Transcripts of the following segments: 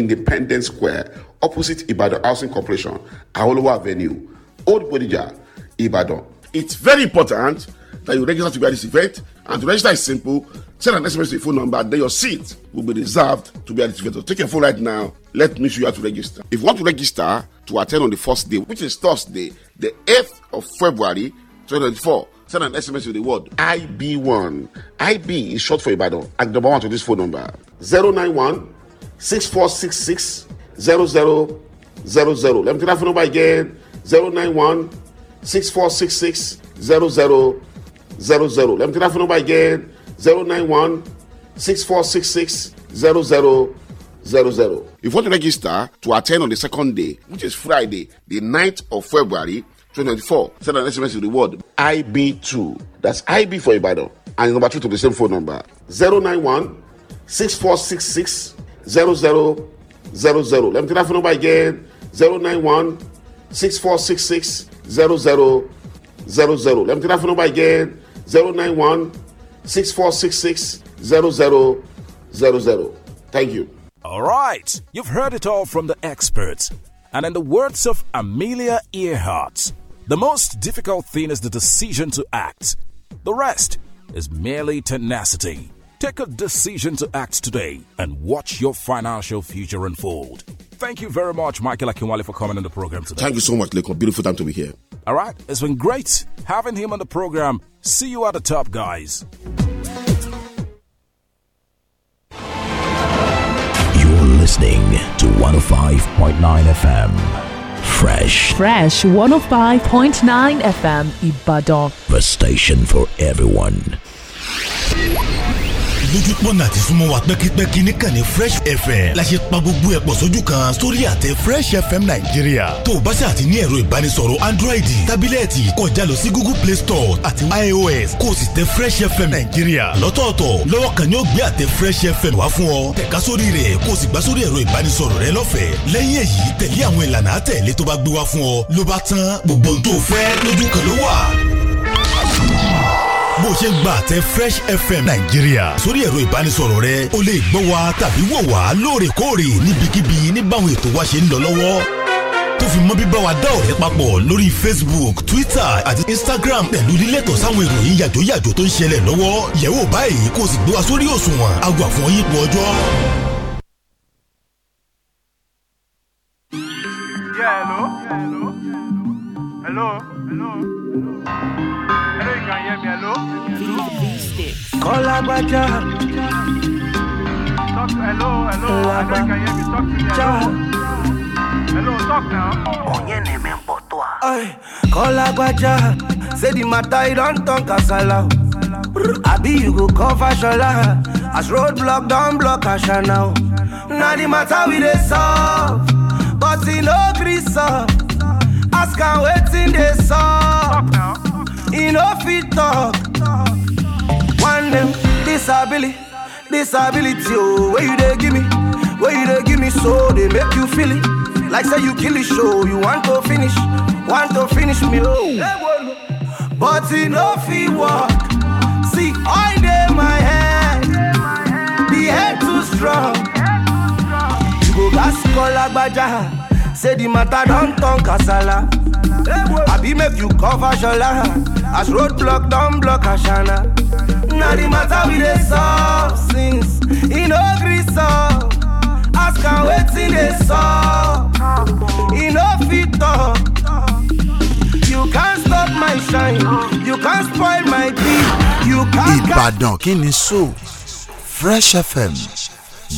Independence Square, opposite Ibadan Housing Corporation, Aholowo Avenue, Old Bodija, Ibadan. It's very important that you register to be at this event. And to register is simple. Send an SMS to your phone number, then your seat will be reserved to be at this event. So take your phone right now. Let me show you how to register. If you want to register to attend on the first day, which is Thursday, the 8th of February 2024, send an SMS with the word IB1. IB is short for Ibadan. And number one to this phone number 091 6466 0000. Let me take that phone number again 091 6466 0000. Let me take that phone number again 091 6466 0000. If you want to register to attend on the second day, which is Friday, the 9th of February 2024, send an SMS to the word IB2. That's IB for Ibadan. And number two to the same phone number 091 6466 0000. Let me take that phone number again 091 0000. Let me take that phone number again 091 0000. Thank you. All right, you've heard it all from the experts. And in the words of Amelia Earhart, the most difficult thing is the decision to act, the rest is merely tenacity. Take a decision to act today and watch your financial future unfold. Thank you very much, Michael Akinwale, for coming on the program today. Thank you so much, Leko. Beautiful time to be here. All right, it's been great having him on the program. See you at the top, guys. You're listening to 105.9 FM. Fresh. Fresh 105.9 FM Ibadan. The station for everyone. lójúpọ̀nà àti súnmọ́ wa pẹ́kípẹ́kí níkànnì fresh fm la ṣe pa gbogbo ẹ̀pọ̀ sójú kan sórí àtẹ fresh fm nàìjíríà tó o bá ṣáà ti ní ẹ̀rọ ìbánisọ̀rọ̀ android tábílẹ̀tì kọjá lọ sí google play store àti ios kó o sì tẹ fresh fm nàìjíríà lọ́tọ̀ọ̀tọ̀ lọ́wọ́ kan ni ó gbé àtẹ fresh fm wá fún ọ tẹ̀ka sórí rẹ̀ kó o sì gbà sórí ẹ̀rọ ìbánisọ̀rọ̀ rẹ lọ́fẹ̀ẹ́ lẹ́yìn èyí tẹ̀lé àwọn ìlànà bó ṣe ń gbà tẹ fresh fm nàìjíríà sórí ẹ̀rọ ìbánisọ̀rọ̀ rẹ o lè gbọ́ wa tàbí wò wá lóòrèkóòrè níbikíbi níbàwọn ètò wa ṣe ń lọ lọ́wọ́ tó fi mọ́ bíbá wa dá ọ̀rẹ́ papọ̀ lórí facebook twitter àti instagram pẹ̀lú lílẹ̀tọ̀ sáwọn ìròyìn yàjóyàjó tó ń ṣẹlẹ̀ lọ́wọ́ yẹ̀wò báyìí kó o sì gbé wa sórí òṣùwọ̀n àgbà fún yípo ọjọ́. hello. hello. Hello. Hello. Call Hello, hello, you. to Kọ́lágbájá. Kọ́lágbájá. Onye na-eme mkpọtụ Call Kọ́lágbájá. Say the matter, e don turn kasala. be you go cover shola. As roadblock don't block Asha now. Now the matter we dey solve. But e no gree solve. Ask am wetin dey solve. E no fit talk. them disability, disability. Oh, where you they give me, where you they give me, so they make you feel it. Like say you kill it, show you want to finish, want to finish me. Oh, but enough he walk. See, I day my head, the head too strong. You go gas call agbaja, say the matter don't turn kasala. I be make you cover shola, as roadblock don't block ashana. Now the matter we dey solve since he no gree solve. Ask am wetin dey solve, he no fit talk. You can't stop my shine, you can't spoil my beat, you can't. Ìbàdàn kí ni so Fresh FM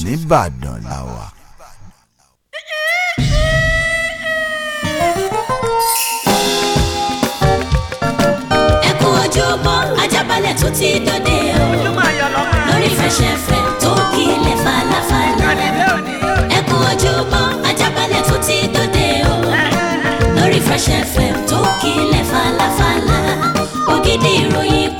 nìbàdàn làwà. tún ti dòde o lórí fẹsẹ̀fẹ̀ tó kílẹ̀ falafala ẹ kú ojúmọ́ ajábalẹ̀ tún ti dòde o lórí fẹsẹ̀fẹ̀ tó kílẹ̀ falafala ògidì ìròyìn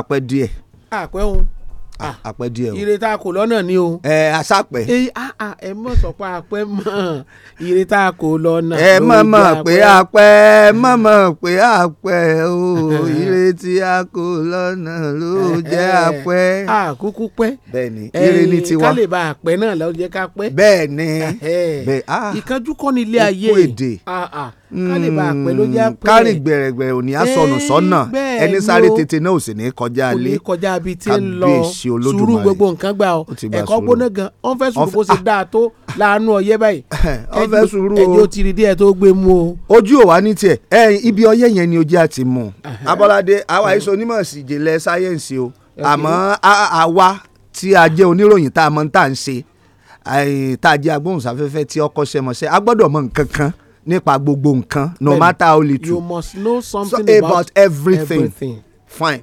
apẹ́ díẹ̀. àpẹ́ òun àpẹ́ ah, díẹ̀ o. ire tá a kò lọ́nà ni o. ẹ asápẹ́. ẹ a ẹ mọ̀ sọ pé apẹ́ mọ̀ ire a kò lọ́nà. ẹ mọ̀ mọ̀ pé apẹ́ mọ̀ mọ̀ pé apẹ́ o ire tí a kò lọ́nà ló jẹ́ apẹ́. a kúkú pẹ́. bẹ́ẹ̀ni ire ni tiwa. ká lè ba apẹ́ náà lọ jẹ́ ká pẹ́. bẹ́ẹ̀ni. ìkanjú kọ́ ilé ayé. ikú èdè. Ah, ah ká lè bá a pẹ́ ló jẹ́ mm, pé kárì gbẹ̀rẹ̀gbẹ̀rẹ̀ ò ní àsọnù sọ́nà ẹni sáré tètè náà ò sì ní kọjá ilé kọjá bíi tí ń lọ sùúrù gbogbo nǹkan gbà ọ ẹ̀kọ́ gbóná gan wọ́n fẹ́ sùúrù bó ṣe ah. dáa tó láàánú ọyẹ́ báyìí wọ́n fẹ́ sùúrù o ẹjọ́ ti rí díẹ̀ tó gbé mu o. ojú ò wá ní tiẹ̀ ẹ ibi ọyẹ́ yẹn ni ojú àti mu Abọ́ládé àwa iṣẹ́ onímọ̀ ìsìnjìnlẹ̀ sáyẹ́ǹsì o àmọ́ àwa tí a jẹ́ oníròyìn tá a mọ̀ ń tà ń ṣe tá a jẹ́ agbóhùnsáfẹ́fẹ́ tí ọkọ̀ ṣẹmọ̀ṣẹ́ a gbọ́dọ̀ mọ̀ nǹkan kan nípa gbogbo nǹkan no matter how little you must know something so, about, about everything. everything fine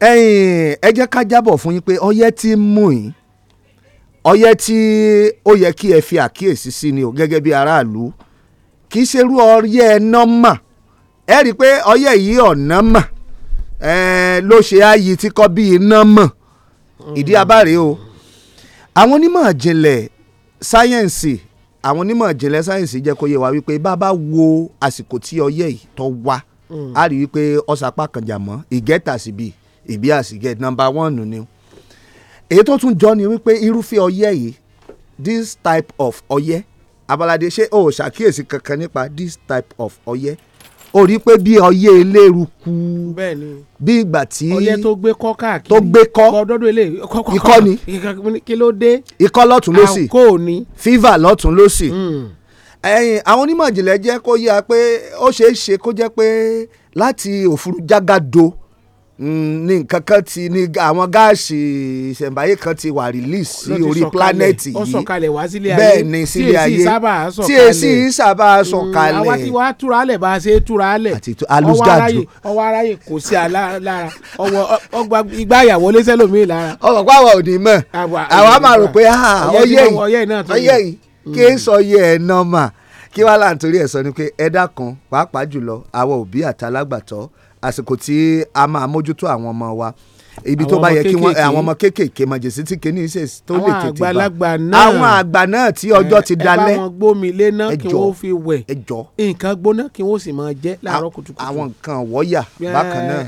ẹyin ẹ jẹ́ ká jábọ̀ fún yín pé ọyẹ́ tí ń mú yín ọyẹ́ tí ó yẹ kí ẹ fi àkíyèsí sí ni o gẹ́gẹ́ bí aráàlú kì í ṣerú ọyẹ́ ẹ̀nà mà ẹ rí i pé ọyẹ́ yìí ọ̀nà mà ló ṣe ààyè tí kọ́ bí iná mọ̀ ìdí abáre o àwọn onímọ̀ ìjìnlẹ̀ sáyẹ́ǹsì àwọn onímọ̀ ìjìnlẹ̀ sáyẹ̀nsì jẹ́ kó yé wa wípé bá a bá wo àsìkò tí ọyẹ́ yìí tó wá hmm. a rí i pé ọ̀sàpá kànjà mọ́ ìgẹ́ta síbi ìbí àsìgẹ́ nọ́mbà one ni èyí tó tún jọ ni wípé irúfẹ́ ọyẹ́ yìí this type of ọyẹ́ abalade ṣé o ṣàkíyèsí kankan nípa this type of ọyẹ́ o rí pé bí ọyẹ́ eléruku bí ìgbà tí ọyẹ́ tó gbé kọ́ káàkiri tó gbé kọ́ ikọ́ ni kí ló dé ikọ́ lọ́tún lọ́sì fífà lọ́tún lọ́sì hmm. ẹ̀yin àwọn onímọ̀ ìjìnlẹ̀ jẹ́ kó yá pé ó ṣeé ṣe kó jẹ́ pé láti òfurufú ní nǹkan kan ti ní àwọn gáàsì ìṣẹ̀ǹbáyé kan ti wà release sí orí planẹ̀tì yìí bẹ́ẹ̀ ni sílé ayé tí èsì sábà mm, sọ̀kalẹ̀ àwa ti wá túralẹ̀ bá a ṣe túralẹ̀ ọwọ́ aráyè ọwọ́ aráyè kò sí alára ọwọ́ ọgbà ìgbáyàwó lẹ́sẹ̀lómi lára. ọ̀rọ̀ pàwọ̀ ò ní mọ̀ àwa máa rò pé ah, ọyẹ́ yìí ọyẹ́ yìí mm. kí n sọ yẹ ẹ̀ nọ́mà kí wàá là ẹ̀ sọ ni pé ẹ dákun pàápàá jùlọ àwọn òbí àtàlágbàtọ́ àsìkò tí a máa mójútó àwọn ọmọ wa ibi tó bá yẹ kí wọn àwọn ọmọ kéékèèké mọ̀jèsí tí kìíní ṣe tó lè tètè bá àwọn àgbà náà tí ọjọ́ ti dalẹ̀ ẹ bá wọn gbómi lé náà kí wọ́n fi wẹ̀ nǹkan gbóná kí wọ́n sì máa jẹ láàárọ̀ kùtùkùtù. àwọn nǹkan ìwọ́yà bákan náà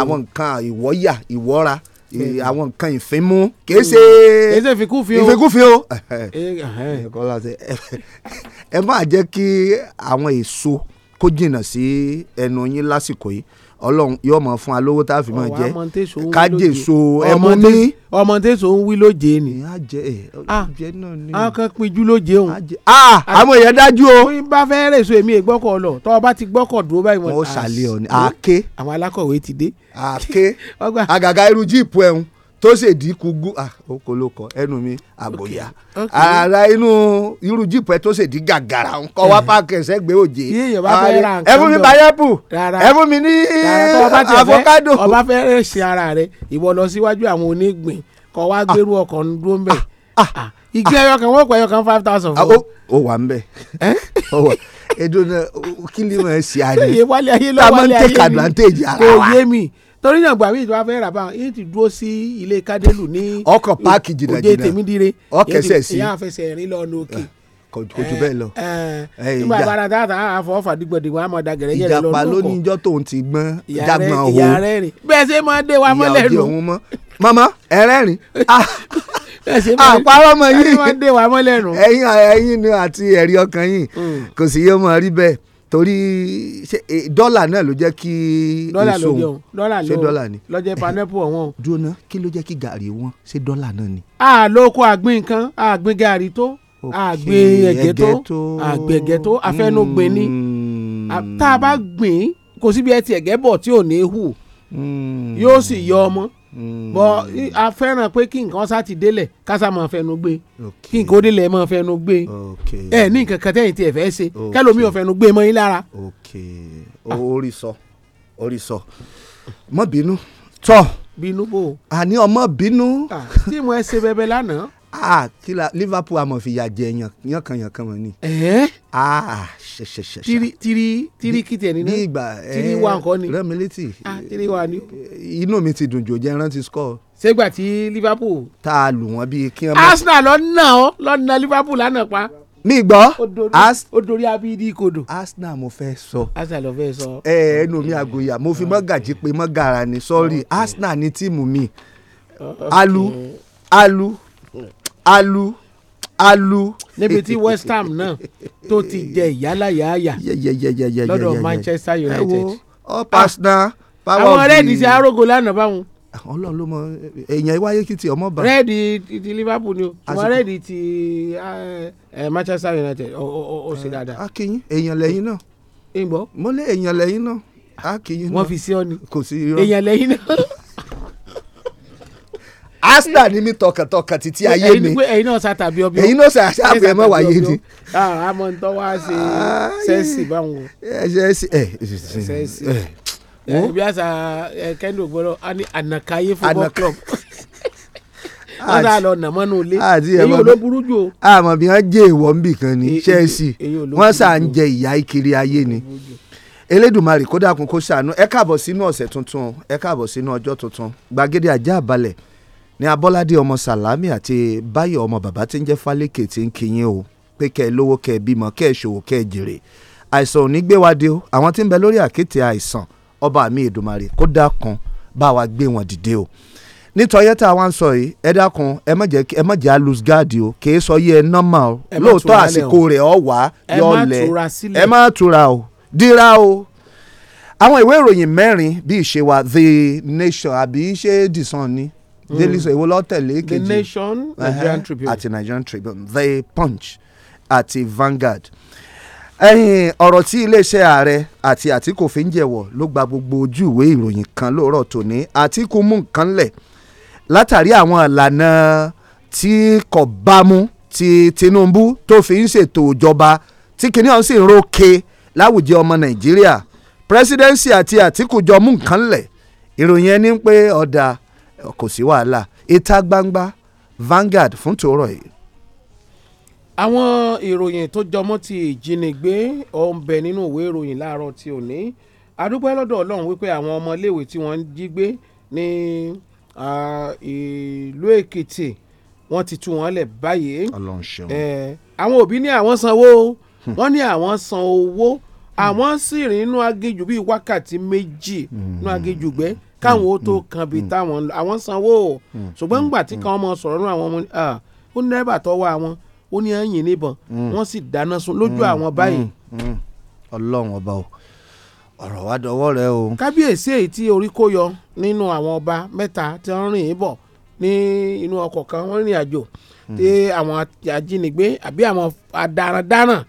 àwọn nǹkan ìwọ́yà ìwọ́ra àwọn nǹkan ìfimú kìí hmm. ṣe ìfikúfin o ẹ máa jẹ́ kí àwọn èso kó jìnnà sí ẹnu yín lásìkò yìí ọlọ́run yóò mọ̀ fún wa lówó tá a fi mọ̀ jẹ́ kájèso ẹmu ní. ọmọ tẹ̀sán ń wí lóje ni. Ah, a jẹ ẹ ọjẹ kan pinju lóje o. a àwọn èèyàn dájú o. bí bá fẹ́ rè so èmi ìgbọ́kọ̀ lọ tọ́ ọ bá ti gbọ́kọ̀ dúró báyìí. wọ́n ó ṣàlẹ̀ ọ̀ ni ah, àáké. àwọn alákọ̀wé ti dé. àáké àgàgà irú jíìpù ẹ̀hún tó ṣèdí kugu okoloko ẹnu mi àgbòyà ara inú irú jíìpù ẹ tó ṣèdí gàgàrà ńkọ wá eh. páàkì ẹsẹ gbé òjé ẹ fún mi báyẹ̀pù ẹ fún mi ní avocado. ọba fẹ́rẹ̀ ṣe ara rẹ ìwọ lọ síwájú àwọn onígbìn ah. ah, ah, kọ wá gbérú ọkọ̀ ń dúró mbẹ́ ìgbé ẹyọ kan wọ́n pọ̀ ẹyọ kan five thousand fún. ó wà ń bẹ Edo na ẹdun náà kí ni mo ẹ ṣe àná. ṣé iye wálé ayé lọ wálé ayé mi kò yé mi torí náà gbàgbé ìjọba fẹ́ rà bá yín ti dúró sí ilé kádélù ní ọkọ̀ páàkì jìnnàjìnnà òjé tèmídìrè ọkẹsẹ̀ sí ìyá àfẹsẹ̀ rìn lọ ní òkè kò jù lọ. nígbà bára táàtà àfọ fàdígbòdìgbò àmọ́ dagẹrẹ yẹlẹ lọ́dún kọ ìjàpá ló ní ijọ́ tóun ti gbọ́n jágbọ́n o bẹ́ẹ̀ ṣe máa dé wa mọ́lẹ̀ nù. mama ẹ rẹ́rìn àpárọ̀ mọ́ yín ẹ̀yin ni àti ẹ̀rí ọkàn yín hmm. kò sì yẹ mọ́ rí bẹ́ẹ̀ torí ṣe dọ́là náà ló jẹ́ kí èso òun ṣe dọ́là ni lọ́jẹ́ panẹ́pù ọ̀wọ́n. dúró kí ló jẹ́ kí gàrí wọn ṣe dọ́là náà ni. a ló kó àgbìn nǹkan àgbìn gàrí tó àgbìn ẹ̀gẹ́ tó àgbìn ẹ̀gẹ́ tó afẹ́nugbìn ni hmm. tá a bá gbìn kò síbi ẹtì ẹ̀gẹ́ bọ̀ tí ò ní hù hmm. yóò sì yọ ọmọ. Hmm. bọ a fẹ́ràn pé kí nǹkan sá ti délẹ̀ kásá máa fẹnu gbé kí nǹkan ó délẹ̀ máa fẹnu gbé ẹ ní nǹkan kan tẹ́yìn tí ẹ fẹ́ ṣe kẹlòmíì ò fẹnu gbé mọ́ yín lára. orí sọ orí sọ mọ bínú tọ bínú bò àní ọmọ bínú. tí mo ẹ ṣe bẹbẹ lánàá. a kí la Liverpool amọ̀ fìyà jẹ yankan yankan mọ̀ ni. ẹ̀ẹ́. Eh? Ah, tiri tiri tiri kìtì ẹni náà tiri wa nǹkan ni rẹ́mi létí ah, tiri wa ni. Eh, inú mi ti dùn jò jẹ́ rántí score. ṣégbà tí Liverpool. tá a lù wọ́n bíi kí wọ́n. Arsenal lọ́nà ọ́ lọ́nà Liverpool lánàá pa. mi gbọ́ ó dorí abidi kodo. Arsenal mo fẹ́ sọ. Arsenal ló fẹ́ sọ. ẹ ẹnu mi àgòyà mo fi mọ́gàjì pé mọ́gàrà ni sọ́ọ̀rì Arsenal ni tíìmù mi alu alu alu alu. níbi tí west ham náà tó ti jẹ ìyálàyàáyà lọ́dọ̀ manchester united. ẹ wo all personal power of the. àwọn rẹ́ẹ̀dì ti arógo lánàá báwọn. ọlọ́run ló mọ èèyàn iwáyé kìtì ọmọ bá. rẹ́ẹ̀dì ti liverpool ni o àwọn rẹ́ẹ̀dì ti manchester united ó ṣe dáadáa. akínyìn èèyàn lẹ́yìn náà. ìgbọ́. mo lé èèyàn lẹ́yìn náà. akínyìn náà. wọ́n fi sí ọ ni. kò sí irọ́. èèyàn lẹ́yìn náà. Asta ni mi tọkàntọkàn títí ayé mi ẹyin náà sá tàbí ọbí ẹyin náà sá tàbí ẹ ah, mọ wáyé ni. àmọ́ ń tọ́ wá sí sẹ́ẹ̀sì báwọn. sẹ́ẹ̀sì ẹ sẹ́ẹ̀sì ẹ bí àṣà kẹ́ndò gbọ́dọ̀ a ní ànàkàyé football club wọ́n dà lọ nàmọ́nù ilé èyí ò ló burú jù o. àmọ́ bí wọ́n jẹ́ èèwọ̀ nbì kan ní Chelsea wọ́n sà ń jẹ ìyà ìkiri ayé ni Elédùmarè kó dákun kó ṣàánú ẹ káàbọ̀ sínú ọ̀sẹ̀ tuntun ẹ káàbọ̀ sínú ọjọ́ tuntun gbàgede àjààbalẹ̀ ní abọ́ládé ọmọ sàlámì àti báyọ̀ ọmọ bàbá tí ń jẹ́ fálékè tí ń kiyín o pé kẹ́ ẹ lówó kẹ́ ẹ bímọ kẹ́ ẹ ṣòwò kẹ́ ẹ jèrè àìsàn ò ní gbé wa dé o àwọn tí ń bẹ lórí àkéte àìsàn ọba mi Èdùmàrè kó dákun bá wa gbé wọn dìde o nítorí tá a wá ń sọ yìí ẹ dákun ẹ má ẹ má a lose guard o kì í sọ yìí ẹ normal o lóòótọ́ àsìkò rẹ̀ ọ wá yọ lẹ̀ ẹ má tura o dira o àwọn ìwé ìròyìn mẹ́rin bí ìṣe wa The Nation àbí ṣé dìsan ni Mm. Daily Sun èwo ló tẹ̀lé kejì The Nation Nigerian Tribune àti Nigerian Tribune The Punch àti Vanguard ẹ̀yìn ọ̀rọ̀ tí iléeṣẹ́ ààrẹ àti Àtìkù fi ń jẹ̀wọ̀ ló gba gbogbo ojú ìwé ìròyìn kan lóòrọ̀ tòní Àtìkù mú nǹkan lẹ̀ látàrí àwọn ìlànà tí kò bámu ti Tinubu tó fi ń ṣètò ìjọba tí kinní ọ̀hún sì ń rókè láwùjọ ọmọ Nàìjíríà presidency àti Àtìkù jọ mú nǹkan lẹ̀ ìròyìn ẹni pé ọ̀dà kò sí wàhálà ìta gbangba Vanguard fún tòórọ̀ yìí. àwọn ìròyìn tó jọmọ́ ti ìjínigbé ó ń bẹ nínú ìwé ìròyìn láàárọ̀ tí ò ní adúpẹ́ lọ́dọ̀ Ọlọ́run wípé àwọn ọmọléèwé tí wọ́n ń jí gbé ní ìlú Èkìtì wọ́n ti tú wọn lẹ̀ báyìí àwọn òbí ní àwọn sanwó hmm. wọ́n ní àwọn san owó àwọn sì rìn inú aginjù bíi wákàtí méjì hmm. inú aginjù gbẹ́ káwọn ó tó mm, mm, kan bíi mm, táwọn àwọn sanwó ṣùgbọ́n ńgbà tí káwọn mọ sọ̀rọ̀ nù àwọn ọmọ ah, ó ní dẹ́rẹ́bà tọ́wọ́ àwọn ó ní ẹ̀yìn níbọn wọ́n sì dáná sun lójú àwọn báyìí. ọlọ́run ọba o ọ̀rọ̀ wa dọwọ́ rẹ o. kábíyèsí èyí tí orí kó yọ nínú àwọn ọba mẹ́ta tí wọ́n rìn bọ̀ ní inú ọkọ̀ kan wọ́n rìn àjò tí àwọn ajínigbé àbí àwọn adarandaran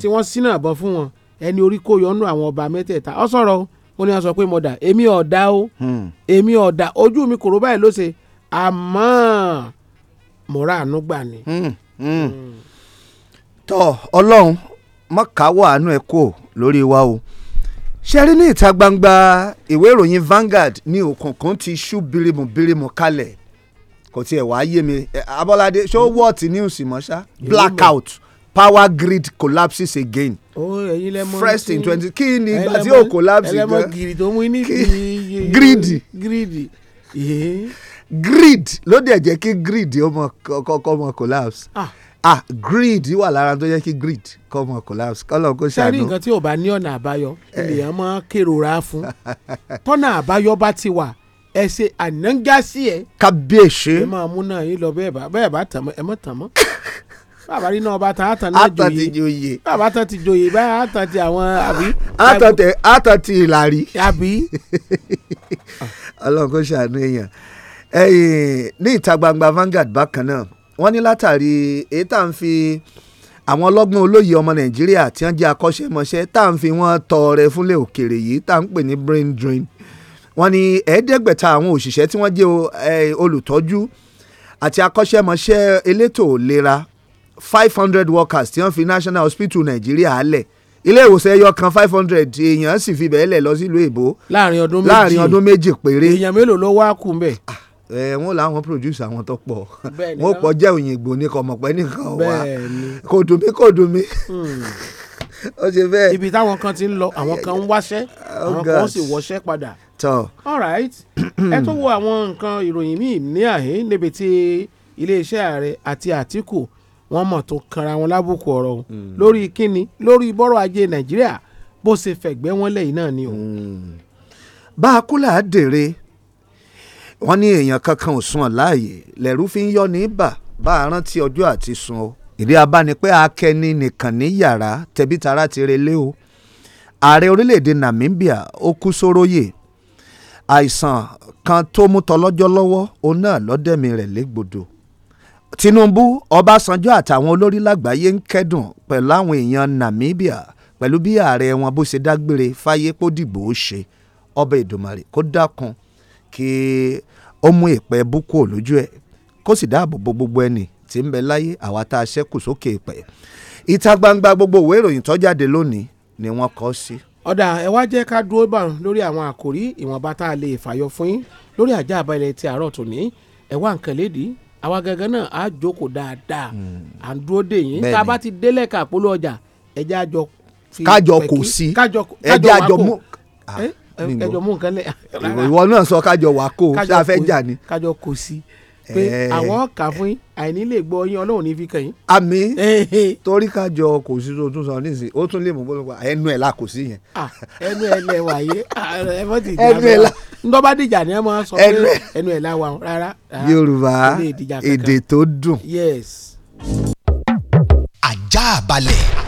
tí wọ́n sínú àbọ̀ fún wọn ẹni orí kó yọ nínú àwọn ọba mẹ́tẹ̀ẹ̀ta ó sọ̀rọ̀ o ó ní wọ́n sọ pé mo èmi ọ̀dà o hmm. èmi ọ̀dà ojú mi kòró báyìí ló ṣe àmọ́ mo rà àánú gbà ni. Hmm, hmm. tọ́ ọlọ́run mọ́kàáwọ̀ àánú ẹ̀ kò lórí wa o ṣe rí ní ìta gbangba ìwé ìròyìn Vanguard ní òkùnkùn ti ṣú birimu birimu kalẹ̀ kò tiẹ̀ wá yé mi Abọ́ládé ṣó wọ́ọ̀tì news mọ́ blackout. Yeah, power grid collapses again. first in twenty kí ni ìgbà tí ó collapse gan. ẹlẹ́mọ̀ gidi tó mú ní ti grid. grid. grid ló dẹ̀ jẹ́ kí grid ọmọ kọ́kọ́ ọmọ collapse. ah ah greed wà lára tó yẹ kí greed kọ́ mọ̀ collapse kọ́lọ̀ kó ṣàánú. sẹ́ni nǹkan tí ò bá ní ọ̀nà àbáyọ eh. ènìyàn máa kérora fún tọ́nà àbáyọ bá ti wà ẹ ṣe ànángásí ẹ. kábíyèsí. ẹ máa mú yín lọ bẹ́ẹ̀ bá tàn mọ́ ẹ mọ́ tàn mọ́ bàbá rí náà bàtà àtàn náà joyè àtàn ti joyè bàbá àtàn ti joyè báyà àtàn ti àwọn àbí. àtàn tẹ àtàn ti ìlàrí. àbí. ọlọ́run kò ṣàánú èèyàn ní ìta gbangba Vanguard bákan náà wọ́n ní látàrí èyí tá à ń fi àwọn ọlọ́gbọ́n olóyè ọmọ nàìjíríà tí wọ́n jẹ́ akọ́ṣẹ́mọṣẹ́ tá à ń fi wọ́n tọrẹ fúnlẹ̀ òkèrè yìí tá à ń pè ní brain drain wọ́n ní ẹ̀ẹ́dẹ́gbẹ̀ta àwọn òṣìṣẹ́ tí wọ́n jẹ́ olùtọ́jú àti akọ́ṣẹ́mọṣẹ́ elétò ìlera five hundred workers tí wọ́n fi national hospital nàìjíríà lẹ̀ ilé ìwòsàn ẹyọ kan five hundred èèyàn sì fi bẹ́ẹ̀ lẹ̀ lọ sílùú èbó láàrin ọdún méjì láàrin ọdún méjì péré èèyàn mélòó ló wá kù mbẹ. Ah, ẹ wọn làwọn produce àwọn tó pọ̀ wọn pọ̀ jẹ òyìnbó ní kọmọpẹ nìkan wà kò dùn mí kò dùn mí hmm. ó ṣe bẹ́ẹ̀. ibi táwọn kan ti ń lọ àwọn kan ń wáṣẹ́ oh, àwọn kan sì wọṣẹ́ padà. tọ all right ẹ tó wo àwọn nǹkan ìròyìn míì ní àhín níbi tí iléeṣẹ́ ààrẹ àti Àtíkù wọ́n mọ̀ tó kanra wọn lábùkù ọ̀rọ̀ o hmm. lórí kíni lórí bọ́rọ̀ ajé nàìjíríà bó ṣe fẹ̀gbẹ́ wọn lẹ́yìn náà ni o. Hmm. bá a kúlà á dèrè wọ́n ní èèyàn kankan ò sùn láàyè lẹ́rú fi ń yọ ní bà bá a rántí ọjọ́ àti sùn o ìdí abánipẹ́ akẹni nìkan ní yàrá tẹbí tara ti relé o ààrẹ orílẹ̀-èdè Namibia ó kú sóróyè àìsàn kan tó mú tọlọ́jọ́ lọ́wọ́ òun náà lọ́dẹ̀mí rẹ̀ légbodò Tinubu Ọbásanjọ́ àtàwọn olórí lágbàáyé ń kẹ́dùn pẹ̀lú àwọn èèyàn Namibia pẹ̀lú bí ààrẹ wọn bó ṣe dágbére fáyé kó dìbò ó ṣe ọba Èdùmàrè kó dákun kí ó mú ìpẹ́ búkú lójú ẹ̀ kó sì dáàbò bo gbogbo ẹni tí ń bẹ láyé àwa tá a ṣẹ́kù sókè ìpẹ́ ìta gbangba gbogbo ìwé ìròyìn tó jáde lónìí ni wọ́n kọ sí. ọ̀dà ẹ wá jẹ́ ká dúró bá lórí àwọn àkòrí ìwọ̀nba tá a lè fàyọ fún yín lórí àjà àbálẹ̀ ti àárọ̀ tòní ẹ wá nǹkan lédìí àwa gangan náà á jókòó dáadáa hmm. à ń dúró dè yín tá a bá ti délẹ̀ ká polówó ọjà ẹjẹ́ àjọ fi kájọ kò sí ẹjẹ́ àjọ mú ẹjọ ah, mú nǹkan lẹ̀. ìwọ náà sọ kájọ wà kó ṣáà fẹ́ jà ni. kájọ kò sí pé eh. àwọn kà fún yín àìní lè gbọ́ yín ọlọ́run ní fi kàn yín. àmì torí ká jọ kò sí tó tún sọ nísìnyí ó tún lè mú bọ́lọ́pọ̀ ẹnu ẹ̀ la kò sí yẹn. Ah, ẹnu ẹ̀ lẹ wà yé ah, ẹ mọ̀ ti jà bẹ́ẹ̀ la dìjà ni ẹ máa sọ pé ẹnu ẹ̀ la wà rárá. Ah, yorùbá èdè tó dùn. yes. ajá balẹ̀.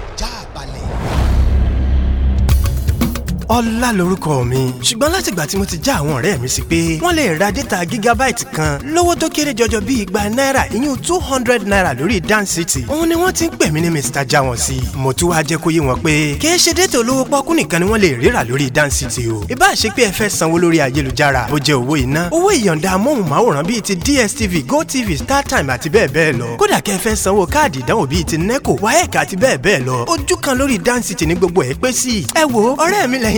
ọlá lorúkọ mi ṣùgbọ́n látìgbà tí mo ti já àwọn ọ̀rẹ́ mi sí pé wọ́n lè ra dẹ́ta gígábáìtì kan lówó tó kéré jọjọ bíi igba náírà ìyún two hundred naira lórí DanCity òun ni wọ́n ti ń pè mí ní Mr. Jawon sí mo tún wá jẹ́ kó yé wọn pé kì í ṣe dẹ́tà olówó pọ́kú nìkan ni wọ́n lè ríra lórí DanCity o ìbá ṣe pé ẹ fẹ́ sanwó lórí ayélujára ó jẹ́ owó iná owó ìyọ̀ǹda amóhùnmáwòrán bíi ti DSTV GoTV StarTime àti bẹ́ẹ̀ bẹ́ẹ̀ lọ kódà kẹ́ ẹ fẹ́ sanwó káàdì ìdánwò bíi ti NECO WAEC àti bẹ́ẹ̀ bẹ́ẹ̀ lọ ojú kan lórí DanCity ní gbogbo ẹ̀ pé sí ẹ wo ọ̀rẹ́ mi lẹ́yìn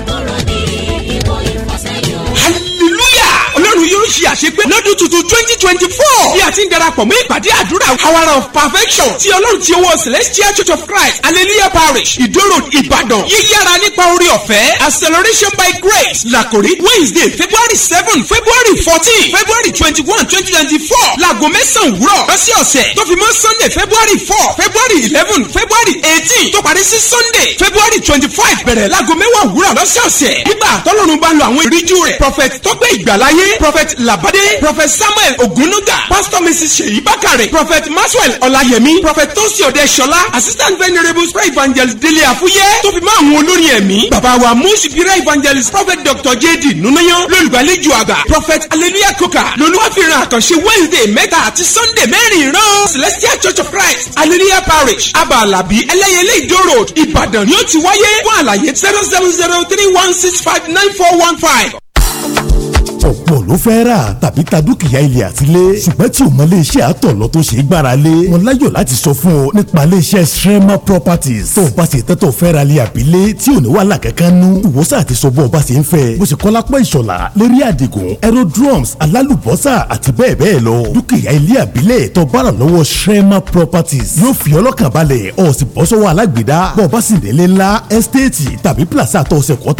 ṣe àṣegbé lọ́dún tuntun twenty twenty four bí a ti ń darapọ̀ mọ́ ìpàdé àdúrà hour of perfection ti ọlọ́run ti owó celestial church of christ hallelujah parish ìdúró ìbàdàn yíyára nípa orí ọ̀fẹ́ acceleration by grace làkòrí wednesday february seven february fourteen february twenty one twenty twenty four laago mẹ́sàn-án òwúrọ̀ lọ́sẹ̀ ọ̀sẹ̀ tó fi mọ́ sunday february four february eleven february eighteen tó parí sí sunday february twenty five bẹ̀rẹ̀ laago mẹ́wàá òwúrọ̀ lọ́sẹ̀ ọ̀sẹ̀ nígbà tọ́lọ́run bá lo àwọn ìríjú rẹ̀ prophet tọ́gbẹ́ ìgbàláyé prophet labade prophet samuel ogunuga pastor mrs seyi bakare prophet maxwell ọláyẹmí prophet tosi ọdẹṣọlá assistant venerable spray evangelist délé àfúyẹ tó fi mọ́ àwọn olórin ẹ̀mí bàbá evangelist prophet dr jd nunayan lólùgbàlejò àgbà prophet hallelujah koka lolúwàfíìràn àkànṣe wednesday mẹ́ta àti sunday mẹ́rin rán celestial church of christ hallelujah parish abalabi ẹlẹ́yẹlé ìdó road ìbàdàn ni ó ti wáyé fún àlàyé zero seven zero three one six five nine four one five ọ̀pọ̀ ló fẹ́ rà tàbí ta dúkìá ilẹ̀ àtilé ṣùgbọ́n tí o mọ iléeṣẹ́ àtọ̀lọ́ tó ṣe é gbára lé wọn láyọ̀ láti sọ fún ọ nípa iléeṣẹ́ Shrema Properties tó o bá ṣe tẹ́tọ̀ fẹ́ ra ilé àbílé tí ò ní wàhálà kankan nú ìwọ́sà àti sọ bọ́ ṣe ń fẹ́ bó ṣe kọ́lápọ̀ ìṣọ̀lá lérí àdìgún aerodromes alálùbọ́sà àti bẹ́ẹ̀ bẹ́ẹ̀ lọ dúkìá ilé àbílẹ̀ tó bára lọ́wọ́ Shrema Properties yóò fi ọlọ́kàn balẹ̀ ó bọ́ sọ́wọ́ alágbèédá bọ́ ọ sì nílé ńlá ẹ́stéètì tàbí pílàsà tó ṣe kọ́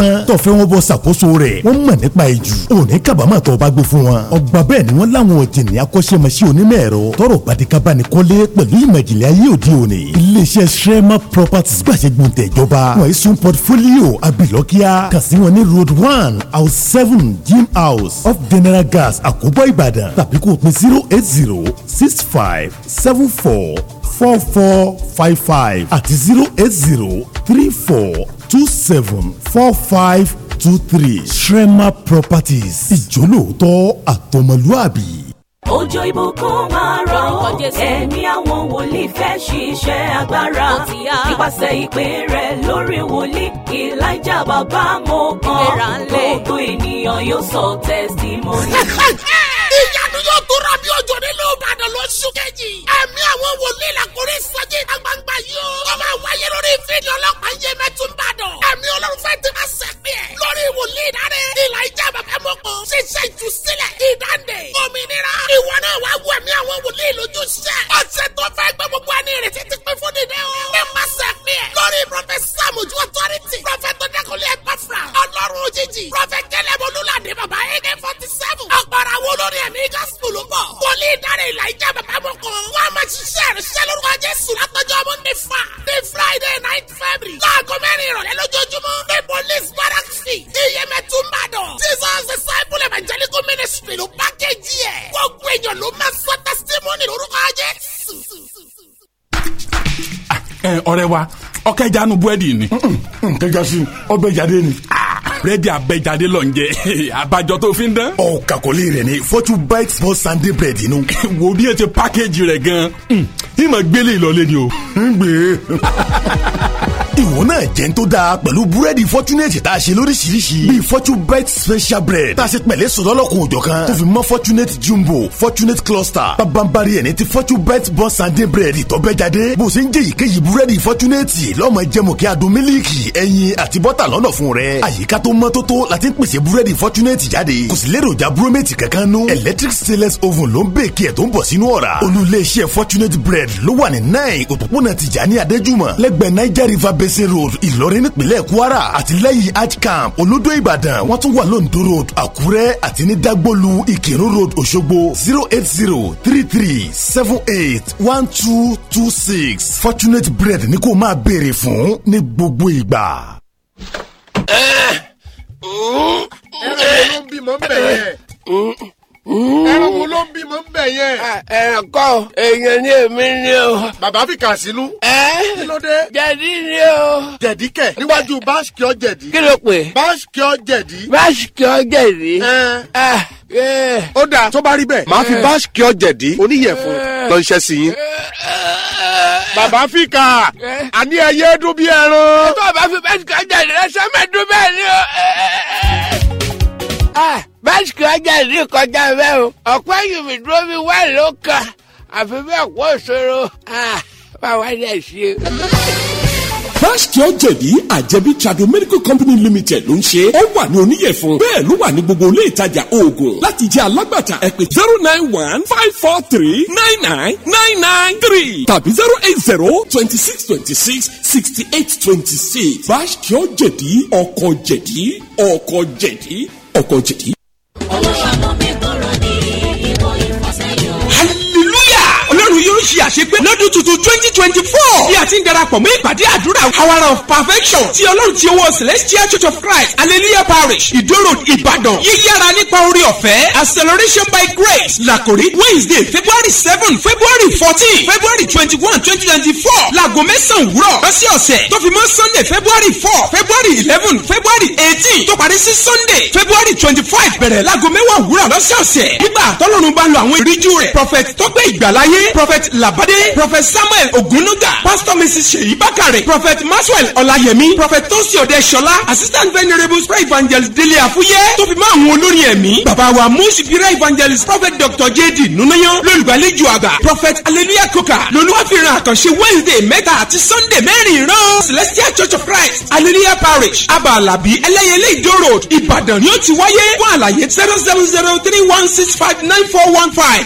wọn bọ́ ṣàkóso rẹ̀ wọ́n mọ̀ nípa ìjù òní kábàámọ̀ tó bá gbé fún wọn. ọgbà bẹ́ẹ̀ ni wọ́n láwọn òjìní akọ́ṣẹ́mọṣẹ́ onímọ̀ ẹ̀rọ tọrọ gbàdékábàní kọ́lé pẹ̀lú ìmọ̀ ìjìnlẹ̀ ayé òde òní. iléeṣẹ́ srema properties gbàṣẹ gbòǹtẹ̀ ìjọba wọn ìsun portfolio abilọ́kíá kàn sí wọn ní road one house seven gym house of general gas àkóbọ̀ ìbàdàn tàbí kò pin zero eight zero six five seven four four four five five àti zero eight zero three four two seven four five two three shrema properties ìjólóòótọ́ àtọmọlúàbí òjò ìbùkún máa rọ̀ ẹ̀mí àwọn wòlíì fẹ́ ṣiṣẹ́ agbára nípasẹ̀ ìpè rẹ̀ lórí wòlíì Elijah, bàbá mo kàn gbogbo ènìyàn yóò sọ tẹsítímọ́nì. lórí fídíò ọlọ́pàá yé mẹ́túnbàdàn. ẹ̀mí ọlọ́run fẹ́ ti máa sẹ́pẹ̀ ẹ̀. lórí wòlíì ìdáre ìlà ìjà bàbá mọ́kàn ṣiṣẹ́ ìtúsílẹ̀ ìdáǹdè. òmìnira ìwọ náà wá wọ ẹ̀mí àwọn wòlíì lójú iṣẹ́. ọ̀sẹ̀ tó fẹ́ gbé gbogbo ẹni ìrètí ti pín fún dídé o. ní máa sẹ́pẹ̀ ẹ̀. lórí prọfẹsà mojú ọtọ́rìtì. prọfẹtọ dẹkùnlé ẹgbàfra. ọlọ́run òjijì. prọfẹkẹlẹ bolúladé bàbá ak forty seven. ọ̀pọ̀ra wo lórí ẹ̀mí gospel bọ̀. wòlíì ìdáre ìlà ìjà bàbá mọ́kàn. wọ́n á máa ṣiṣẹ́ ìrìnsẹ́ lórúkọ jésù látọjọ́ ọmọ nífa friday night february láago mẹ́rin ìrọ̀lẹ́ lójoojúmọ́ ní police barracks ìyẹmẹ̀tú mbàdàn jesus disciple evangelical ministry ló pákéjì ẹ̀ gbogbo èèyàn ló máa sọ testimony lórúkọ jésù. ọ̀rẹ́ wa ọkẹ́jánu búrẹ́dì ni. nkẹ́jà mm, sí ọbẹ̀ jáde ni. Ah búrẹ́dì abẹ́jáde lọ ń jẹ abajọ tó fi ń dán. ọ kàkọ́lé rẹ̀ ni fortune bites for sunday bread inú. wo bí ẹ ti pákéjì rẹ̀ gan-an hmm. ìmọ̀ gbélé ìlọlẹ́ ni o. ń gbé. ìwọ náà jẹ́ ń tó dáa pẹ̀lú búrẹ́dì fọ́túnẹ̀tì tá a ṣe lóríṣiríṣi bíi fortune bite special bread tá a ṣe pẹ̀lẹ́ sọ̀dọ́lọ́kun òjọ̀ kan tó fi mọ́ fortunate jumbo fortunate cluster pabambari ẹni ti fortune bite bọ́ sàndé bread ìtọ́bẹ́jáde bó ṣe ń jẹ́ ìkéyìí búrẹ́dì fọ́túnẹ̀tì lọ́mọ jẹ́mu kí adùn mílíìkì ẹyin àti bọ́tà lọ́nà fún rẹ àyíká tó mọ́ tótó la ti ń pèsè búrẹ́dì fọ́túnẹ̀tì jáde kò sì léròjà búrómẹ́tì kankan nú electric stainless oven ló ń bè kí ẹ̀ tó ń bọ̀ sínú ọ̀rá olú iléeṣẹ́ fortunate bread ló wà ní nine òpópónà tìjà ní adéjúmọ̀ lẹ́gbẹ̀ẹ́ niger river basin ẹsẹ̀ road ìlọrin nípínlẹ̀ kwara àti lẹ́yìn hajj camp olódó ìbàdàn wọ́n tún wà lóńdó road àkúrẹ́ àti ní dagbolu ìkírun road òṣogbo zero eight zero three three seven eight one two two six fortunate bread ni kò máa béèrè fún ní gbogbo ìgbà. Eh, mm, mm, ẹ ẹ eh. ló ń bímọ bẹ́ẹ̀. Mm, ẹran wo ló ń bímọ ń bẹ̀ yẹn. Ah, ẹran èèyàn ni èmi ni o. bàbá fi kà sílú. ẹ kí ló dé. jẹ̀dí ni o. jẹ̀dí kẹ̀ níwájú báṣkìọ́ jẹ̀dí. kí ló pè. báṣkìọ́ jẹ̀dí. báṣkìọ́ jẹ̀dí. Ah, ó dáa tó bá rí bẹ́ẹ̀. màá fi eh. báṣkìọ́ jẹ̀dí oníyẹ̀fun eh. lọ iṣẹ́ sí yín. Eh. bàbá fi àní ẹyẹ dún bí ẹran. ètò àbáfi báṣkìọ́ jẹ̀dí lọ́sẹ̀ mẹ́ẹ̀ẹ́dún bẹ́ẹ̀ ni o. Ah báṣìkì ọjà ní kọjá bẹ́ẹ̀ o ọ̀pẹ́ yìí dúró mi wá ló kan àfi bẹ́ẹ̀ kó ṣòro ah, bá wá dẹ̀ ṣe. Báṣkì ọ̀jẹ̀bí àjẹbí Trado Medical Company Limited ló ń ṣe. Ó wà ní oníyẹ̀fun. Bẹ́ẹ̀ ló wà ní gbogbo ilé ìtajà oògùn. Láti jẹ́ alágbàtà ẹ zero nine one five four three nine nine nine nine three tàbí zero eight zero twenty six twenty six sixty eight twenty six. Báṣkì ọ̀jẹ̀bí ọkọ̀ jẹ̀dí ọkọ̀ jẹ̀dí ọkọ̀ jẹ̀dí. àṣegbé lọ́dún tuntun twenty twenty four bí a ti ń darapọ̀ mọ́ ìpàdé àdúrà hour of perfection ti ọlọ́run ti owó celestial church of christ Alleluia, parish ìdóró ìbàdàn yíyára nípa orí ọ̀fẹ́ acceleration by grace làkòrí wednesday february seven february fourteen february twenty one twenty twenty four laago mẹ́sàn-án wúrọ̀ lọ́sẹ̀ ọ̀sẹ̀ tó fi mọ́ sunday february four february eleven february eighteen tó parí sí sunday february twenty five bẹ̀rẹ̀ laago mẹ́wàá wúrọ̀ lọ́sẹ̀ ọ̀sẹ̀ nígbà tọ́lọ́run bá lo àwọn ìríjú rẹ̀ prophet tọ́gbẹ́ ìgbàláyé prophet lab Àbádé prophet Samuel Ogunuga pastor Mrs. Seyi Bakare prophet Maxwell Ọláyẹmí prophet Tosi Ọdẹṣọlá assistant venerable spray evangelist Délé Àfúyé tó fi mọ́ àwọn olórin ẹ̀mí bàbá wa musipira evangelist prophet Dr. J.D. Nunayan lólùgbàlejò àgbà prophet hallelujah koka lolúwàfíìràn àkànṣe Wednesday mẹ́ta àti Sunday mẹ́rin ìran Celestial Church of Christ hallelujah parish abalabi ẹlẹ́yẹlé ìjọ road Ìbàdàn ni ó ti wáyé fún àlàyé zero zero zero three one six five nine four one five.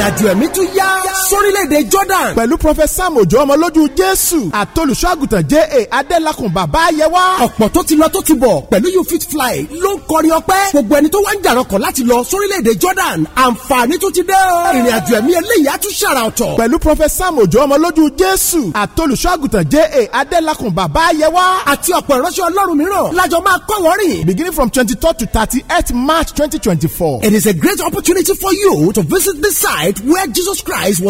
ìrìn àjò ẹ̀mí tún yá. sórílẹ̀-èdè Jordan pẹ̀lú prọfẹsọ Sam Òjó ọmọlójú Jésù àtolùṣọ́àgùtàn J.A. Adélakùn bàbá Ayẹ́wá. ọ̀pọ̀ tó ti lọ tó ti bọ̀ pẹ̀lú you fit fly ló ń kọrin ọpẹ́ gbogbo ẹni tó wá ń jàrọ̀kọ̀ láti lọ sórílẹ̀-èdè Jordan àǹfààní tó ti dé o. ìrìn àjò ẹ̀mí eléyìí á tún ṣàrà ọ̀tọ̀. pẹ̀lú prọfẹsọ Sam Òjó ọmọlójú Jésù àtolùṣọ́àgùtàn J.A. Adélakùn bàbá Ayẹ́wá àti ọ̀pọ̀ ìránṣẹ́ Ọlọ́run mìíràn lájọ máa kọ́ wọ́n rìn. beginning from twenty to thirty eight March twenty It is a great opportunity for you to visit the site where Jesus Christ was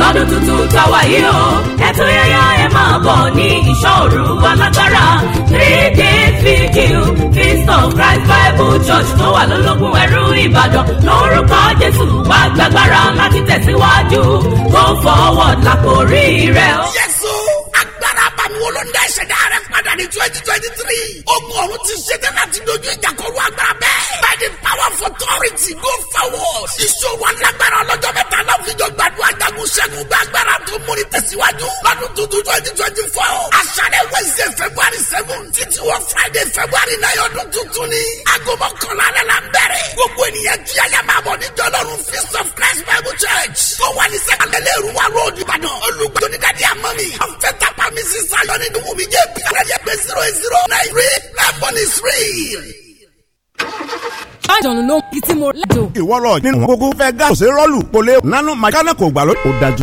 lọ́dún tuntun tá wà yìí o ètò yẹyẹ ẹ máa bọ̀ ní ìṣọ́ òru alágbára three day vigil feast of Christ Bible Church tó wà lólógún ẹrú Ìbàdàn lórúkọ Jésù wá gbàgbára láti tẹ̀síwájú go forward lápò rí rẹ̀ o. Yes! twenty twenty three ogun ọ̀run ti ṣetán láti dojú ìjà kọlu agbára bẹ́ẹ̀. by the power of authority go forward. ìṣòro alágbára ọlọ́jọ́ mẹ́ta náà fi jọ gbàdúrà jagun ṣẹ́gun bá agbára tó múni tẹ̀síwájú lọ́dún tuntun twenty twenty four. àṣálẹ́ wednesday february seven títí wọ friday february nine ọdún tuntun ni. aago mọ́kànlá alẹ́ la ń bẹ̀rẹ̀. gbogbo ènìyàn kí ayé máa bọ̀ ní jọlọ́run feast of christ bible church. tó wà ní sẹ́kàndẹ́lẹ́ ìrùwà road ìbàdàn olùgbàdàn onídàájí àmọ́ mi. àwọn fẹ́ tàpá mi sísan yọ nínú wùmí zero eight zero nine three nine one is real. Bájọ̀nù ló ń kí mo lájò. Ìwọ lọ nínú wọn fẹ́ gáàsì rọ́ọ̀lù kò lè nánú màkánà kò gbà lóyún. Ó dájú.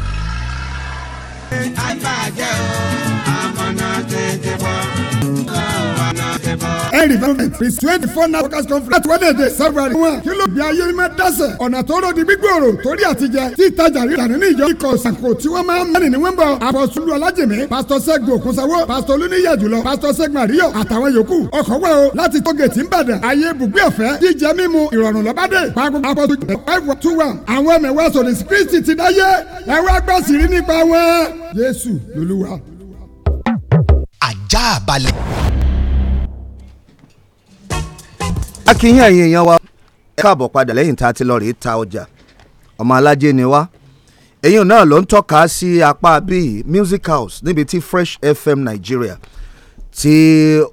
online development with twenty four now workers conference láti wednesday february one kílò bí ayé má dásẹ̀ ọ̀nà tó di gbígbòòrò torí àtijẹ́ tí ìtajà rírà nínú ìjọ ikọ̀ sànkó tí wọ́n máa ń mẹ́rin ni wọ́n bọ̀ àpọ̀sùlù ọlájèmí pásítọ̀ sẹ́gun òkúnsáwó pásítọ̀ olúníyà jùlọ pásítọ̀ sẹ́gun àríyọ̀ àtàwọn yòókù ọkọ̀ wẹ̀ o láti tógètì ń bàdàn ayé bùgbé ọ̀fẹ́ jíjẹ mímu ìrọ̀rùn lọ́bàdé five two one àwọn ẹ̀mẹ̀wá sọ̀rọ̀ kristi ti dáyé ẹ̀rọ agbásìrí nípa wọn jésù lolúwa. àjàbalẹ̀ a kì í yàn ẹ̀yin èèyàn wa ẹ káàbọ̀ padà lẹ́yìn tá a ti lọ rèé ta ọjà ọmọ alájẹ ni wá èyí náà ló ń tọ́ka sí apá bíi music house níbi tí fresh fm nigeria tí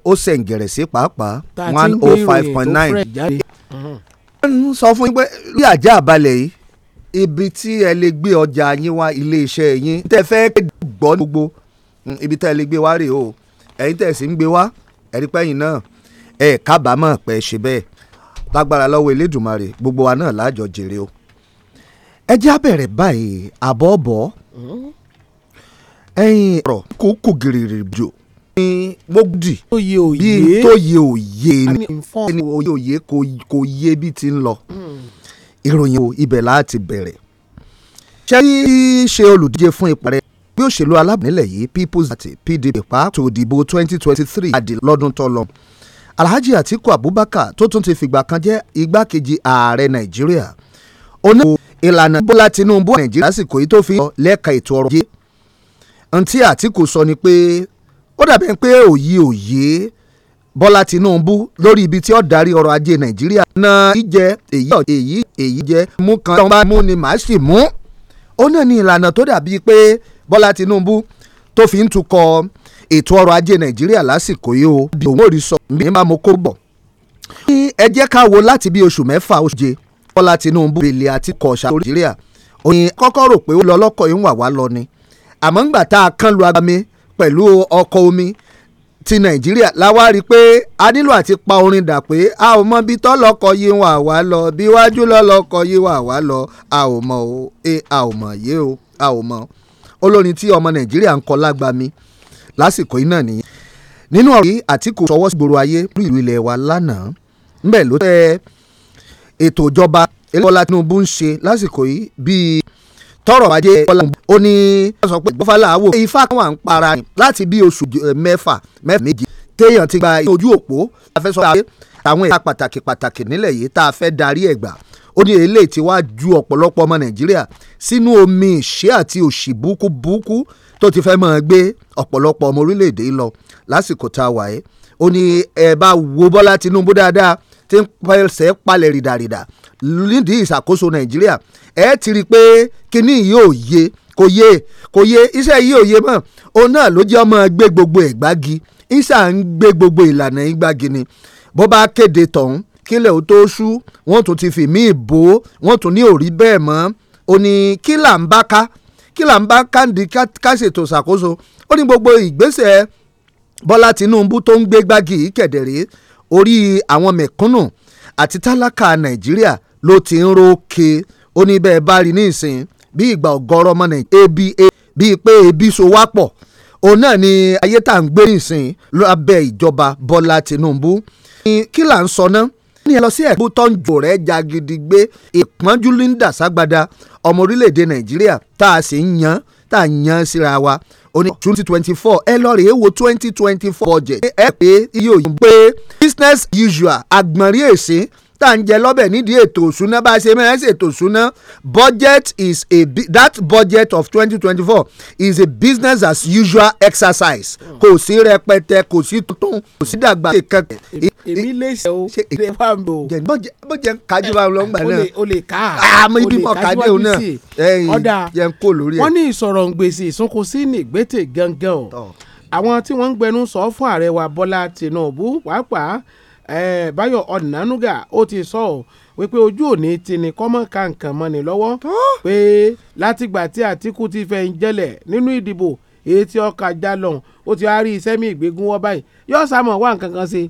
ó ṣẹ̀ǹgẹ̀rẹ̀ sí pàápàá one oh five point nine sọ fún yín pé lórí àjà àbálẹ̀ yìí ibi tí ẹ lè gbé ọjà yín wá ilé iṣẹ́ yín tẹ́ fẹ́ gbọ́ gbogbo ibi tẹ́ ẹ lè gbé wá rèé o ẹ̀yin tẹ́ ẹ sì ń gbé wá ẹ̀rí pẹ́yìn náà ẹ kábàámọ̀ pé ṣe bẹ́ẹ̀ lágbára lọ́wọ́ elédùnmarè gbogbo wa náà lájọ jèrè o ẹ jẹ́ àbẹ̀rẹ̀ báyìí àbọ̀bọ̀ ẹ̀yìn ọ̀rọ̀ kò kò gìrìrì jò ní gbógùdì bíi tó yẹ òye ni òye òye kò yé bí ti ń lọ ìròyìn o ibẹ̀ láti bẹ̀rẹ̀ ṣé kí ṣe olùdíje fún ìparẹ́ bí òṣèlú alábàánilẹ̀ yìí people's party pdp pàtó òdìbò 2023 twenty three àdìlọ́dún tó lọ. Alhaji Atiku Abubakar tó tún ti fìgbà kan jẹ́ igbákejì ààrẹ Nàìjíríà oníwò ìlànà Bọ́lá Tinubu Nàìjíríà lásìkò yìí tó fi hàn lẹ́ka ètò ọrọ̀ ajé ntí Atiku sọ ni pé ó dàbí pé òye òye Bọ́lá Tinubu lórí ibi tí ó darí ọrọ̀ ajé Nàìjíríà náà jíjẹ èyí èyí èyí jẹ mú kan tó ń bá mú ni màá sì mú ó náà ní ìlànà tó dàbí pé Bọ́lá Tinubu tó fi ń tukọ̀ ètò ọrọ̀ ajé nàìjíríà lásìkò yìí o di òun ò rí sọ mi máa mo kó bọ̀. ní ẹ ká wo láti bí oṣù mẹ́fà oṣù je bọ́lá tinubu bèlè àti kọ̀ọ̀ṣà nàìjíríà òyìn kọ́kọ́ rò pé ó lọ lọ́kọ̀ yìí ń wà wá lọ ni àmọ́ ńgbà tá a kán lu agbami pẹ̀lú ọkọ̀ omi ti nàìjíríà láwa rí i pé a nílò àti pa orin dà pé a ò mọ bí tọ́lọ́kọ̀ yìí wà wá lọ bí wájú lọ́lọ́kọ̀ yìí wà wá lọ a ò mọ̀ o e, a ò mọ̀ yé o a ò mọ̀ olórin tí ọmọ nàìjíríà ń kọ lágbàmí lásìkò iná nìyẹn nínú ọ̀rọ̀ yìí Àtìkù sọwọ́ sí gbòòrò ayé lórí ìlú ilẹ̀ wa lánàá ńbẹ̀ ló tẹ ètò ìjọba Bọ́lá Tinubu ń ṣe lásìkò yìí bíi tọrọ ajé Bọ́lá ó ní wọ́n sọ pé ìgbọ́fàlà àwò ifá kan wà ń para yìí láti bí oṣù eh, mẹ́fà mẹ́fà méje téèyàn ti gba ojú òpó àfẹsọ àwé àwọn ìta pàtàkì pàtàkì nílẹ̀ yìí tá a fẹ́ darí ẹ̀ gbà ó ní eléyìí ti wá ju ọ̀pọ̀lọpọ̀ ọmọ Nàìjíríà sínú omi ìṣẹ́ àti òṣì búkúbúkú tó ti fẹ́ máa gbé ọ̀pọ̀lọpọ̀ ọmọ orílẹ̀-èdè lọ lásìkò tá a wà ẹ́ ó ní ẹ bá wo Bọ́lá Tinubu dáadáa tí ń pẹ̀sẹ̀ palẹ̀ rìdàrìdà nídìí ìṣàkóso Nàìjíríà ẹ ti rí i pé kíní yìí ò yé kò yé kò yé iṣẹ́ yìí ò yé mọ́ òun náà ló jẹ́ ọmọ gbé gbogbo ìgbági ìṣà ń gbé gbogbo ìlànà ìgbági ni bó bá kéde tọ̀hún kílẹ̀ ó tó ṣú wọ́n tún ti fìmí ìbò wọ́n tún ní òrí bẹ́ẹ̀ mọ́ ó ní ń bá ká kí là ń bá káńdì káṣètò ṣàkóso ó ní gbogbo ìgbésẹ̀ Bọ́lá Tinubu tó ń gbé gbági kẹ̀dẹ̀rẹ́ orí àwọn mẹ̀kúnnù àti tálákà Nàìjíríà ló ti ń rókè ó ní bẹ́ẹ̀ bá rí nísìn bí ìgbà ọ̀gọ́rọ̀ ọmọ Nàìjíríà ebi e, bíi pé ebi so wá pọ̀ òun náà ni ayé tá à ń gbé nísìn lábẹ́ ìjọba Bọ́lá Tinubu kí là ń sọ náà ní ẹ lọ sí ẹ̀kú tó ń jò rẹ̀ jagidigbe ìpọ́njú Linda Sagbada ọmọ orílẹ̀-èdè Nàìjíríà tá a sì ń yan tá a yan síra wa ó twenty twenty four ẹ lọ rèé wo twenty twenty four budget ẹ pé iye òyìnbó pé business usual àgbọ̀nrín èsì tá à ń jẹ lọ́bẹ̀ nídìí ètò òṣùná bá a ṣe máa ṣètò òṣùná budget is a that budget of twenty twenty four is a business as usual exercise kò sí rẹpẹtẹ kò sí tuntun kò sí dàgbà èmi lè ṣe o ṣe é wà mí o. bó jẹ́ kájú bá lọ ńgbà náà o lè ká àmọ́ ah, ibi mọ̀ kájú òun náà ọ̀dà wọ́n ní ìsọ̀rọ̀ ń gbèsè ìsúnkùsí nìgbẹ́tẹ̀ gangan o àwọn tí wọ́n ń gbẹnu sọ fún ààrẹ wa Bọ́lá Tinubu pàápàá Eh, Báyọ̀ Ọ̀nànúgà ó ti sọ ọ́ wípé ojú òní ti ní kọ́mọ́ ka nǹkan mọ́ni lọ́wọ́ pé látìgbà tí Àtíkù ti fẹ́ ń jẹ́lẹ̀ nínú ìdìbò èyí tí ọkà já lọ́hùn ó ti wá rí iṣẹ́ mi ìgbégun wọ́n báyìí yóò sàmọ̀ wá nǹkan kan ṣe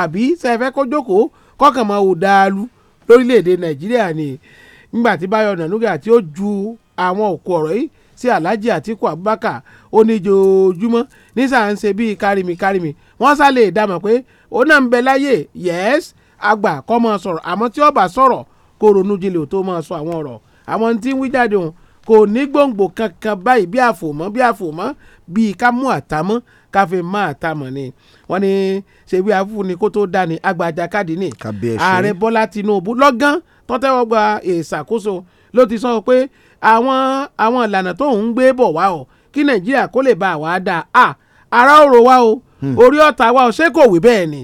àbí ṣe fẹ́ kó jókòó kọ́kàn mọ́ ò dáalu lórílẹ̀‐èdè Nàìjíríà ni nígbà tí Báyọ̀ Ọ̀nànúgà tí ó ju àwọn òkú ọ̀rọ̀ yìí sí Alhaji Atiku Abubakar oníjojúmọ́ nísà ń ṣe bíi kárìmì kárìmì wọ́n sá lè pé ó náà ń bẹ láyè yẹ́s àgbà kọ́ mọ́ sọ̀rọ̀ àmọ́ tí ó bá sọ̀rọ̀ kó ronú jinlẹ̀ tó mọ́ sọ àwọn ọ̀rọ̀ àwọn tí ń wí jáde òun kò ní gbòǹgbò kankan báyìí bí àfòmọ́ bí àfòmọ́ bíi ká mú àtàmọ́ ká fi má àtàmọ́ ni wọ́n ní ṣebí afúnni kó tó dání agbájá káàdì ni ààrẹ bọ́lá tinúbú lọ́gán tọ́tẹ́wọ́ gba ìṣàkóso ló ti sọ pé àwọn àwọn ìlànà tó ń gbé bọ̀ wá o kí nàìjíríà kó lè bá wa dáa ara òrò wa o Hmm. orí ọ̀tá wa ṣé kò wí bẹ́ẹ̀ ni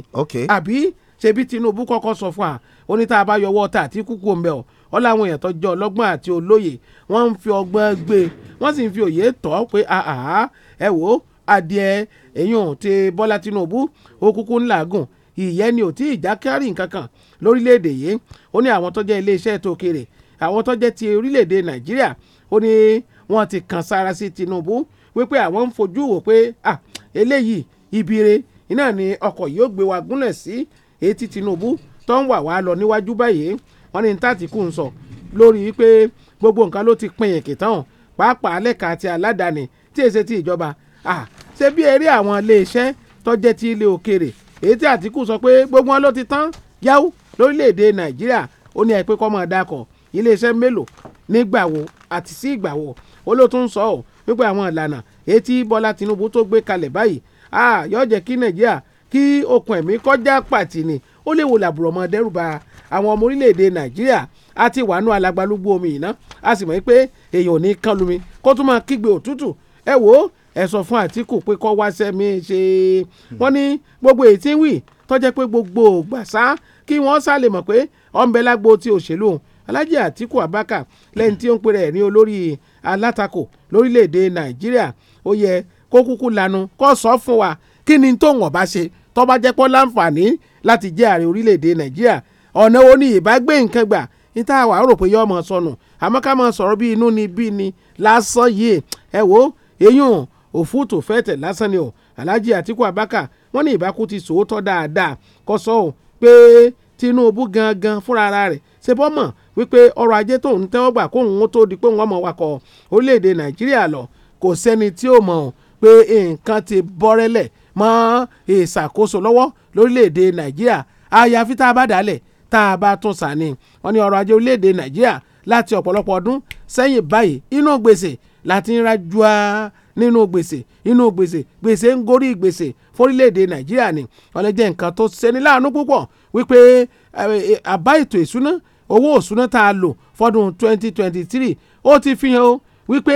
àbí ṣebí Tinubu kọ́kọ́ sọ fún wa ó ní tá a bá yọ ọwọ́ ọ̀tá àti kúkú òǹbẹ ọ̀ ọ́ láwọn èèyàn tó jẹ́ ọlọ́gbọ́n àti olóye wọ́n ń fi ọgbọ́n gbé wọ́n sì ń fi òye tọ́ pé ẹ wò ó adìẹ èyàn ti Bọ́lá Tinubu ó kúkú ń làágùn ìyẹn ni ò tí ìjà kárì nkankan lórílẹ̀‐èdè yìí ó ní àwọn tó jẹ́ iléeṣẹ́ tó kéré àwọn tó jẹ́ ti orílẹ̀‐èdè Nàìjíríà ó ní wọ́n ti kàn sára sí Tinubu wípé àwọn ń fojú wò pé eléyìí ibire iná ni ọkọ̀ yóò gbé wa gúnlẹ̀ sí etí Tinubu tó ń wà wá lọ níwájú báyìí wọ́n ní tàtìkù ń sọ lórí pé gbogbo nǹkan ló ti pin èkì tán pàápàá lẹ́ka àti aládàáni tí èsè ti ìjọba ṣé bí eré àwọn iléeṣẹ́ tọ́jẹ́ ti ilé òkèrè èyí tí Àtíkù sọ pé gbogbo wọn ló ti tán yáwó lórílẹ̀‐èdè Nàìjíríà ó ní àìpé kọ́ máa dakọ̀ iléeṣẹ́ mélòó nígbà wo àti sí ìgbà wo ó ló tún sọ ọ́ wípé àwọn ìlànà èyí tí Bọ́lá Tinubu tó gbé kalẹ̀ báyìí yóò jẹ́ kí nàìjíríà kí okùn ẹ̀mí kọjá pàtì ni ó lè wo làbùrọ̀ mọ́ dẹ́rùbà àwọn ọmọ orílẹ̀-èdè nàìjíríà a ti wà nú alagbalúgbó omi ìná a sì mọ̀ pé èèyàn ò ní kánlu mi kó tún máa kígbe òtútù ẹ wò ó ẹ sọ fún àtìkù pé kó wá sẹ́mi ṣe wọ́n ní gbogbo èyí tí ń wì tọ́jẹ́ pé gbogbo gbàsá kí wọ́n sálè mọ̀ pé ọ̀nbẹ ti òṣèlú Alhaji Atiku Abubakar lẹ́yìn tí ó ń pèrè ẹ̀ ní olórí alátakò lórílẹ̀‐èdè Nàìjíríà ó yẹ kó kúkú lanu kó sọ fún wa kí ni tó wọ́n bá ṣe tó bá jẹ́ pọ́ láǹfààní láti jẹ́ ààrẹ orílẹ̀-èdè nàìjíríà ọ̀nà wo ni ìbágbé nǹkan gbà níta wàá rò pé yọ́ọ́ mọ̀ sọnù àmọ́ ká mọ̀ sọ̀rọ̀ bí inú ni bí ni lásán yìí ẹ wo eyín òfúùtù fẹ́tẹ̀ lásán ni o alhaji atiku abaka wọn ní ìbákú ti sòótọ́ dáadáa kó sọ ọ́ pé tinubu gangan fúnra rẹ̀ ṣe bọ́ mọ̀ wípé ọrọ̀ ajé tóun tẹ́wọ́ gbà kóun ó tó di pé wọ́n mọ̀ wakọ̀ orílẹ̀-èdè nàìjíríà lọ kò sẹ́ni tí ó mọ̀ ọ́ pé nǹkan ti bọ́rẹ́lẹ̀ mọ́ ìṣàkóso lọ́wọ́ lórílẹ̀‐èdè nàìjíríà àyàfi tá a bá dálẹ̀ tá a bá tún sàn ni wọ́n ní ọrọ̀ ajé orílẹ̀‐èdè nàìjíríà láti ọ̀pọ̀lọpọ̀ ọdún sẹ́yìn báyìí inú gbèsè láti ń rajua nínú gbèsè inú gbèsè gbèsè ń gorí gbèsè fórílẹ̀‐èdè nàìjíríà ni wọ́n lè jẹ́ nǹkan tó ṣeni láàánú púpọ̀ wípé àbá ètò ìsúná owó ìsúná tá a lò fọdún 2023 ó ti fi hàn wípé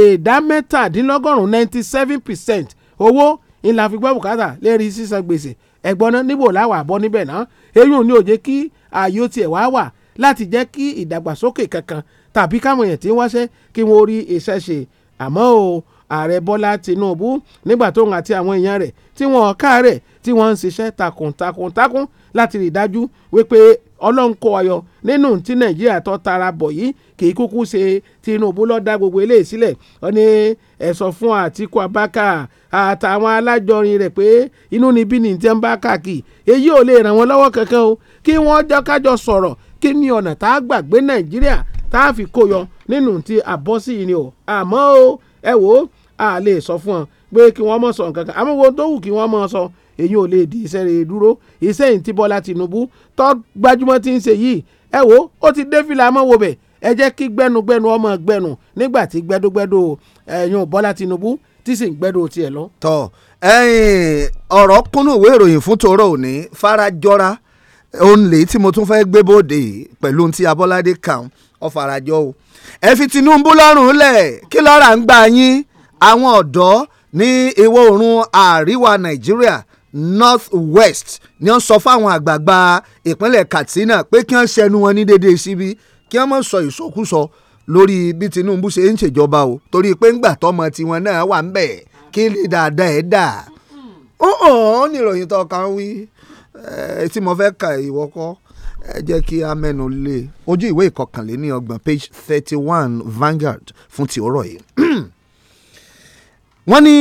ìdá mẹ́tàdínlọ́gọ́rùn-ún ninety seven percent owó ńlá fi gbọ́ bùkátà lérí sísan gbèsè ẹ̀gbọ́n náà níbò láwà bọ́ níbẹ̀ náà eyín ní òye kí ààyò tiẹ̀ wá wà láti jẹ́ kí ìdàgbàsókè kankan tàbí káwọn èèyàn tí ń wáṣẹ́ kí wọ́n rí iṣẹ́ ṣe àmọ́ o ààrẹ bọ́lá tinúbú nígbà tóun àti àwọn èèyàn rẹ̀ tí wọ́n káàárẹ̀ tí wọ́n ń ṣiṣẹ́ takuntakuntakun láti rí dájú wípé ọlọ́run kó ayọ̀ nínú tí nàìjíríà tó tara bọ̀ yìí kì í kúkú ṣe tinubu ló dá gbogbo eléyìí sílẹ̀ ó ní ẹ̀sọ̀ fún àtìkú abáka àtàwọn alájọrin rẹ̀ pé inú níbí ní tí ń bá káàkiri èyí ò lè ràn wọ́n lọ́wọ́ kankan o kí wọ́n jọ kájọ sọ̀rọ̀ kí ni ọ̀nà tá a gbàgbé nàìjíríà tá a fi kó yọ nínú ti àbọ́sí ni o àmọ́ o ẹ wò ó a lè sọ fún ọ pé kí wọ́n mọ̀ sọ nǹkan kan àmọ́ wọn tó wù kí wọ́n mọ̀ sọ èyí ò lè di iṣẹ́ rẹ̀ dúró iṣẹ́ yìí ti Bọ́lá Tinubu tó gbajúmọ̀ ti ń ṣe yìí ẹ wo ó ti dé fìlà mọ́ wo bẹ̀ ẹ jẹ́ kí gbẹnugbẹnu ọmọ gbẹnu nígbà tí gbẹdúgbẹdù ẹ̀yìn Bọ́lá Tinubu tí sì ń gbẹdùn tiẹ̀ lọ. tọ ẹyin ọ̀rọ̀ kúnnú ìwé ìròyìn fún tòró òní farajọra òǹlé tí mo tún fẹ́ẹ́ gbé bóde yìí ti Abọ́ládé kan ọ̀farajọ́ o ẹ fi Tinubu lọ́rùn lẹ̀ kí lọ́ra ń gbà yín àwọn ọ̀dọ́ ní ìwọ̀ oòrùn àríwá nàìjíríà north west ni wọ́n sọ fáwọn àgbààgbà ìpínlẹ̀ katsina pé kí wọ́n ṣẹnu wọn ní déédéé síbí kí wọ́n má sọ ìsọkúsọ lórí bí tinubu ṣe ń ṣèjọba o torí pé ńgbà tọmọ tiwọn náà wà ń bẹ̀ kí lè dáadáa ẹ̀ dà ó hàn ní ìròyìn tó kàn wí tí mo fẹ́ ka ìwọ kọ́ ẹ jẹ́ kí a mẹ́nu lé ojú ìwé ìkọkànléní ọgbọ̀n page thirty one Vanguard fún ti ọ̀rọ̀ yìí. wọ́n ní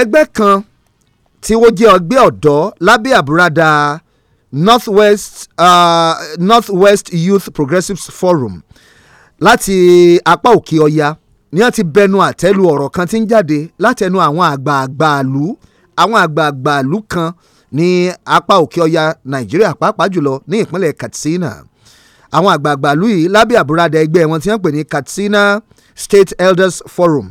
ẹgbẹ́ kan tí ó jẹ́ ọgbẹ́ ọ̀dọ́ lábẹ́ àbúradà Northwest uh, Northwest Youth Progressives Forum láti apá òkè ọya ni wọ́n ti bẹnu àtẹ́lu ọ̀rọ̀ kan tí ń jáde látẹnu àwọn àgbààgbà ìlú àwọn àgbààgbà ìlú kan ní apá òkè ọya Nàìjíríà pàápàá jùlọ ní ìpínlẹ̀ Katsina àwọn àgbààgbà ìlú yìí lábẹ́ àbúradà ẹgbẹ́ wọn tí wọ́n pè ní Katsina State Elders Forum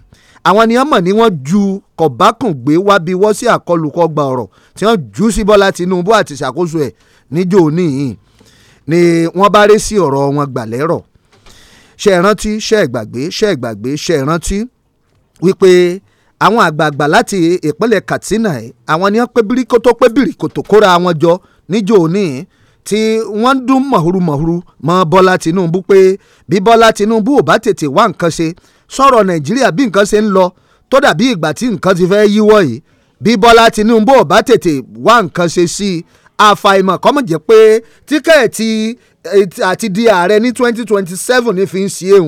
àwọn ni wọ́n mọ̀ ní wọ́n ju kọ̀bákùngbé wábi wọ́ sí àkọlùkọgbà ọ̀rọ̀ tí wọ́n jù sí Bọ́lá Tinubu àti ṣàkóso ẹ̀ níjó níyìn ni wọ́n bá ré sí ọ̀rọ̀ wọn gbàlẹ́rọ̀ ṣe ìrántí ṣe ìgbàgbé ṣe ìgbàgbé ṣe ìrántí wípé àwọn àgbààgbà láti ìpínlẹ̀ Katsina ẹ̀ àwọn ni wọ́n pé bíríkótó pé bíríkótó kóra wọn jọ níjó níyìn tí wọ́n ń dún mọ̀húrúmọ̀húrú mọ́ Bọ́lá Tinubu pé bí Bọ́lá Tinubu ò bá tètè wá nǹkan ṣe sọ̀rọ̀ nàìjíríà bí nǹkan ṣe ń lọ tó dàbí ìgbà tí nǹkan ti fẹ́ yíwọ́ yìí bí bọ́lá tinubu ò bá tètè wá nǹkan ṣe sí i àfàìmọ̀ kọ́mọ̀ jẹ́ pé tíkẹ́ẹ̀tì eh, àti di ààrẹ ní twenty twenty seven ní fi ń ṣe é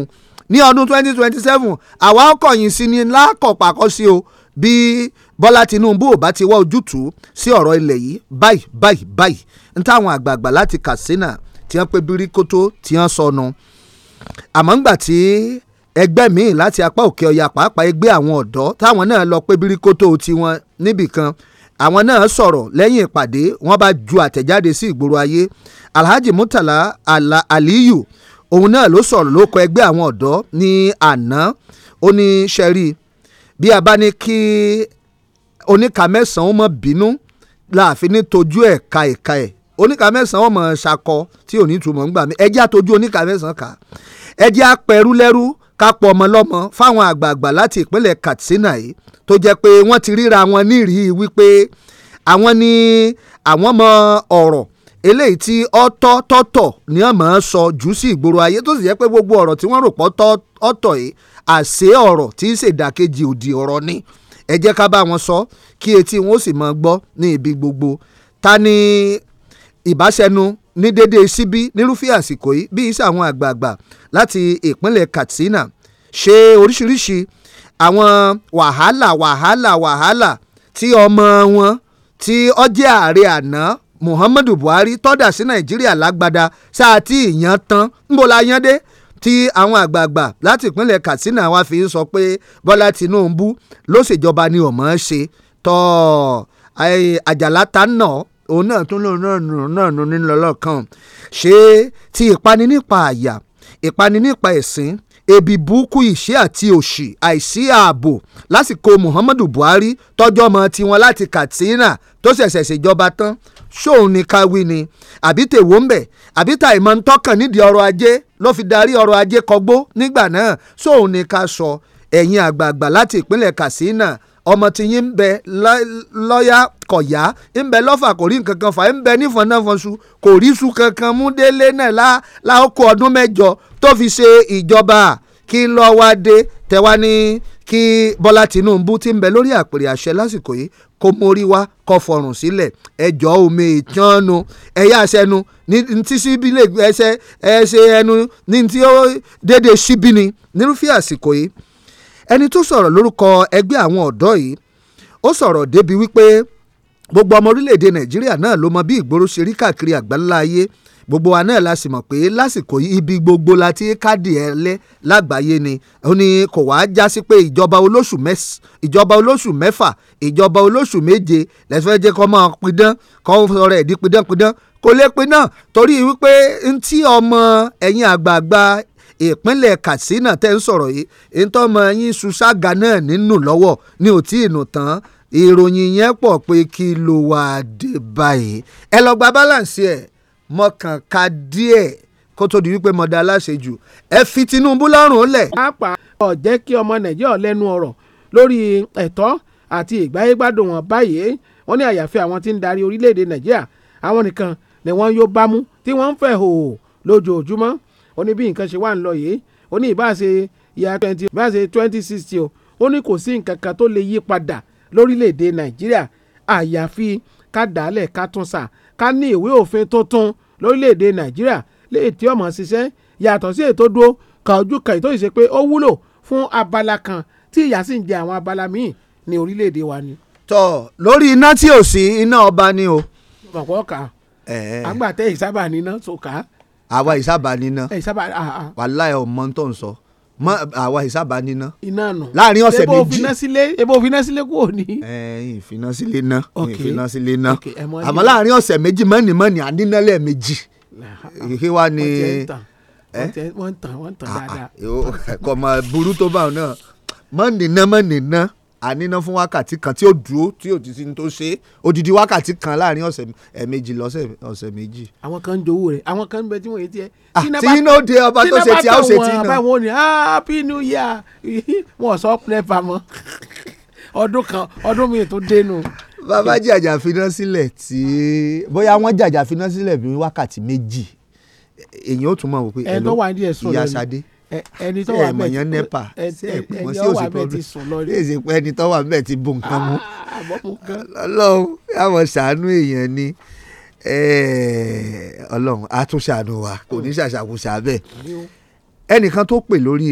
ní ọdún twenty twenty seven àwa ọkọ̀yìn sí ni lákọ̀pàkọ́ sí o bí bọ́lá tinubu ò bá ti wá ojútùú sí ọ̀rọ̀ ilẹ̀ yìí báyìí báyìí báyìí ń táwọn àgbààgbà láti katsina tí wọ́n pé bíríkótó tí wọ́n sọnù àmọ́ ńgbà tí ẹgbẹ́ míì láti apá òkè ọya pàápàá ẹgbẹ́ àwọn ọ̀dọ́ táwọn náà lọ pé bíríkótó tiwọn níbìkan àwọn náà sọ̀rọ̀ lẹ́yìn ìpàdé wọ́n bá ju àtẹ̀jáde sí ìgboro ayé Alhaji Murtala ala Aliyu òun náà ló sọ̀rọ̀ ló kọ ẹgbẹ́ àwọn ọ̀dọ́ ní àná ó bí a bá ní kí oníka mẹ́sàn-án ó mọ̀ bínú láàfin ní tojú ẹ̀ ka ìka ẹ̀ oníka mẹ́sàn-án ó mọ̀ ṣakọ tí ò ní túmọ̀ ń gbà mí ẹjẹ́ àtojú oníka mẹ́sàn-án kà ẹjẹ́ apẹ̀rú lẹ́rú kápọ̀ ọmọ lọ́mọ fáwọn àgbààgbà láti ìpínlẹ̀ Katsina yìí tó jẹ́ pé wọ́n ti ríra wọn nírìí wípé àwọn ni àwọn mọ ọ̀rọ̀ eléyìí tí ọ̀tọ̀ tọ̀tọ̀ ni wọ́n máa ń sọ jù sí ìgboro ayé tó sì jẹ́ pé gbogbo ọ̀rọ̀ tí wọ́n rò pọ̀ ọ̀tọ̀ yìí àṣé ọ̀rọ̀ tí í ṣèdàkejì òdì ọ̀rọ̀ ni ẹ jẹ́ ká bá wọn sọ kí etí wọn ó sì máa gbọ́ ní ibi gbogbo ta ni ìbáṣẹnu ní dédé síbí nírúfẹ́ àsìkò yìí bí iṣẹ́ àwọn àgbààgbà láti ìpínlẹ̀ Katsina ṣe oríṣiríṣi àwọn wàhálà wàhálà wàhálà tí ọmọ wọn tí ó jẹ́ ààrẹ àná Muhammadu Buhari tọ́dà sí Nàìjíríà lágbada sáà tí ìyàn tán ńbọ̀ la yan dé tí àwọn àgbààgbà láti ìpínlẹ̀ Katsina wá fi ń sọ pé Bọ́lá Tinubu ló ṣèjọba ni ọ̀mọ́ ṣe tọ́ àjàlá ta náà òun náà tún lòun náà nù náà nù nílò lọ́kàn ṣé ti ìpani nípa àyà ìpani nípa ẹ̀sìn ebi burúkú ìṣẹ́ àti òṣì àìsí ààbò lásìkò Muhammadu Buhari tọ́jọ́ ọmọ tiwọn láti Katsina tó ṣẹ̀ṣẹ̀ ṣèjọba tán ṣóun ni ká wí ni àbí tèwó ń bẹ̀ àbí tà ìmọ̀ ń tọ́kàn nídìí ọrọ̀ ajé ló fi darí ọrọ̀ ajé kọgbó nígbà náà ṣóun ni ká sọ ẹ̀yin àgbààgbà láti ìpínlẹ̀ Katsina ọmọ tí yín ń bẹ lọ́yà kọ̀yà ń bẹ lọ́fà kò rí nǹkan kan fà ń bẹ nífọ̀n náà fọ̀nṣu kò rí su kankan mú délé náà láòkó ọdún mẹ́jọ tó fi ṣe ìjọba kí lọ́ wá dé tẹ́wá ní kí Bọ́lá Tinubu ti ń bẹ lórí àpèrè àṣẹ lásìkò yìí kó mórí wá kó fọrùn sílẹ̀ ẹjọ́ omi ìtànnu ẹ̀yà àṣẹnu ní ti síbi lè ẹsẹ̀ ẹsẹ̀ ẹnu ní ti ó déédéé síbi ni nírúfẹ́ àsìkò yìí ẹni tó sọ̀rọ̀ lórúkọ ẹgbẹ́ àwọn ọ̀dọ́ yìí ó sọ̀rọ̀ débi wípé gbogbo ọmọ orílẹ̀-èdè nàìjíríà náà ló mọ bí ìgboro ṣe rí káàkiri àgbáńlá ayé gbogbo wa náà la sì mọ̀ pé lásìkò ibi gbogbo la ti káàdì ẹ lẹ́ lágbàáyé ni ó ní kò wá já sí pé ìjọba olóṣù ìjọba olóṣù mẹ́fà ìjọba olóṣù méje lẹ́sẹ̀ jẹ́ kọ́ máa pidán kọ́ sọ̀rọ̀ ẹ̀ di pidánpidán kò lè pin náà torí wípé ntí ọmọ ẹ̀yìn àgbààgbà ìpínlẹ̀ Katsina tẹ́ ń sọ̀rọ̀ yìí ntọ́mọ yín ṣùṣàgà náà nínú lọ́wọ́ ni ò tí ì nù tán ìròyìn yẹn pọ̀ pé kí ló wà dé báyìí ẹ lọ gba balance ẹ̀ mọ̀kàn ka díẹ̀ kó tó di wípé mọ̀dà aláṣejù ẹ fi Tinubu lọ́rùn lẹ̀. pápá ọ̀ jẹ́ kí ọmọ Nàìjíríà lẹ́nu ọ̀rọ̀ lórí ẹ̀tọ́ àti ìgbáyégbádùn wọn báyìí wọ́n ní àyàfi àwọn tí ń darí orílẹ̀-èdè Nàìjíríà àwọn nìkan ni wọ́n yóò bámú tí wọ́n ń fẹ́ hòhò lójoojúmọ́ ó ní bí nǹkan ṣe wà ń lọ yìí ó ní ìbáṣe ìyá twenty ìbáṣe twenty sixty o ó ní kò sí nǹkan kan tó lè yí padà lórílẹ̀‐èdè nàìjíríà àyàfi ká dàálẹ̀ ká tún sà ká ní ìwé òfin tuntun lórílẹ̀‐èdè nàìjíríà léètí ọmọ ṣiṣẹ́ yàtọ̀ sí ètò dúró kà ojú kan ètò ìṣe pé ó wúlò fún abala kan tí ìyà sì ń jẹ àwọn abala míì ní orílẹ̀‐èdè wa ni. tọ lórí iná tí ò sí iná ọba ni o. ọ̀pọ̀ ká àgbàtẹ́ ìsábà níná tó ká àwa ìsábà níná wàláhì ọmọ tó ń sọ mọ àwa ìsábà níná láàrin ọ̀sẹ̀ méjì ebo òfinà sílé kúrò ní. ìfinà sílé ná ìfinà sílé ná àmọ́ láàrin ọ̀sẹ̀ méjì mọ́nìmọ́nì àníná lẹ́ẹ̀mejì kí wàá ní. wọ́n tàn wọ́n tàn ah, ah. dáadáa. kọ̀mọ̀ burú tó bá wọn náà mọ́nìná mọ́nìná àníná fún wákàtí kan tí ó dúró tí ò ti sin tó ṣe é odidi wákàtí kan láàrin ọ̀sẹ̀ ẹ̀ẹ̀mejì lọ́sẹ̀ ọ̀sẹ̀ méjì. àwọn kan ń jowó rẹ̀ àwọn kan ń bẹ tí wọ́n yé tiẹ̀. Ah, tí iná dé ọba tó ṣe tí a ó ṣe tí iná. tí iná bá tọ̀ wọ́n àbáwọn happy new year wọ́n sọ nepa mọ́ ọdún kan ọdún mi tó dénú. bàbá jàjà finá sílẹ̀ tí bóyá wọ́n jàjà finá sílẹ̀ bí wákàtí méjì èyí ó tún mọ̀ wò pé ẹ̀ ló ìyá sadé ẹni tó wà mẹ ti ẹni tó wà mẹ ti sùn lọ rí. èsì pé ẹni tó wà mẹ ti bu nǹkan mu ah, ọlọ́run àwọn ṣàánú èèyàn ni ọlọ́run á wa kò ní ṣàṣàkóṣà bẹ́ẹ̀ ẹnìkan tó pè lórí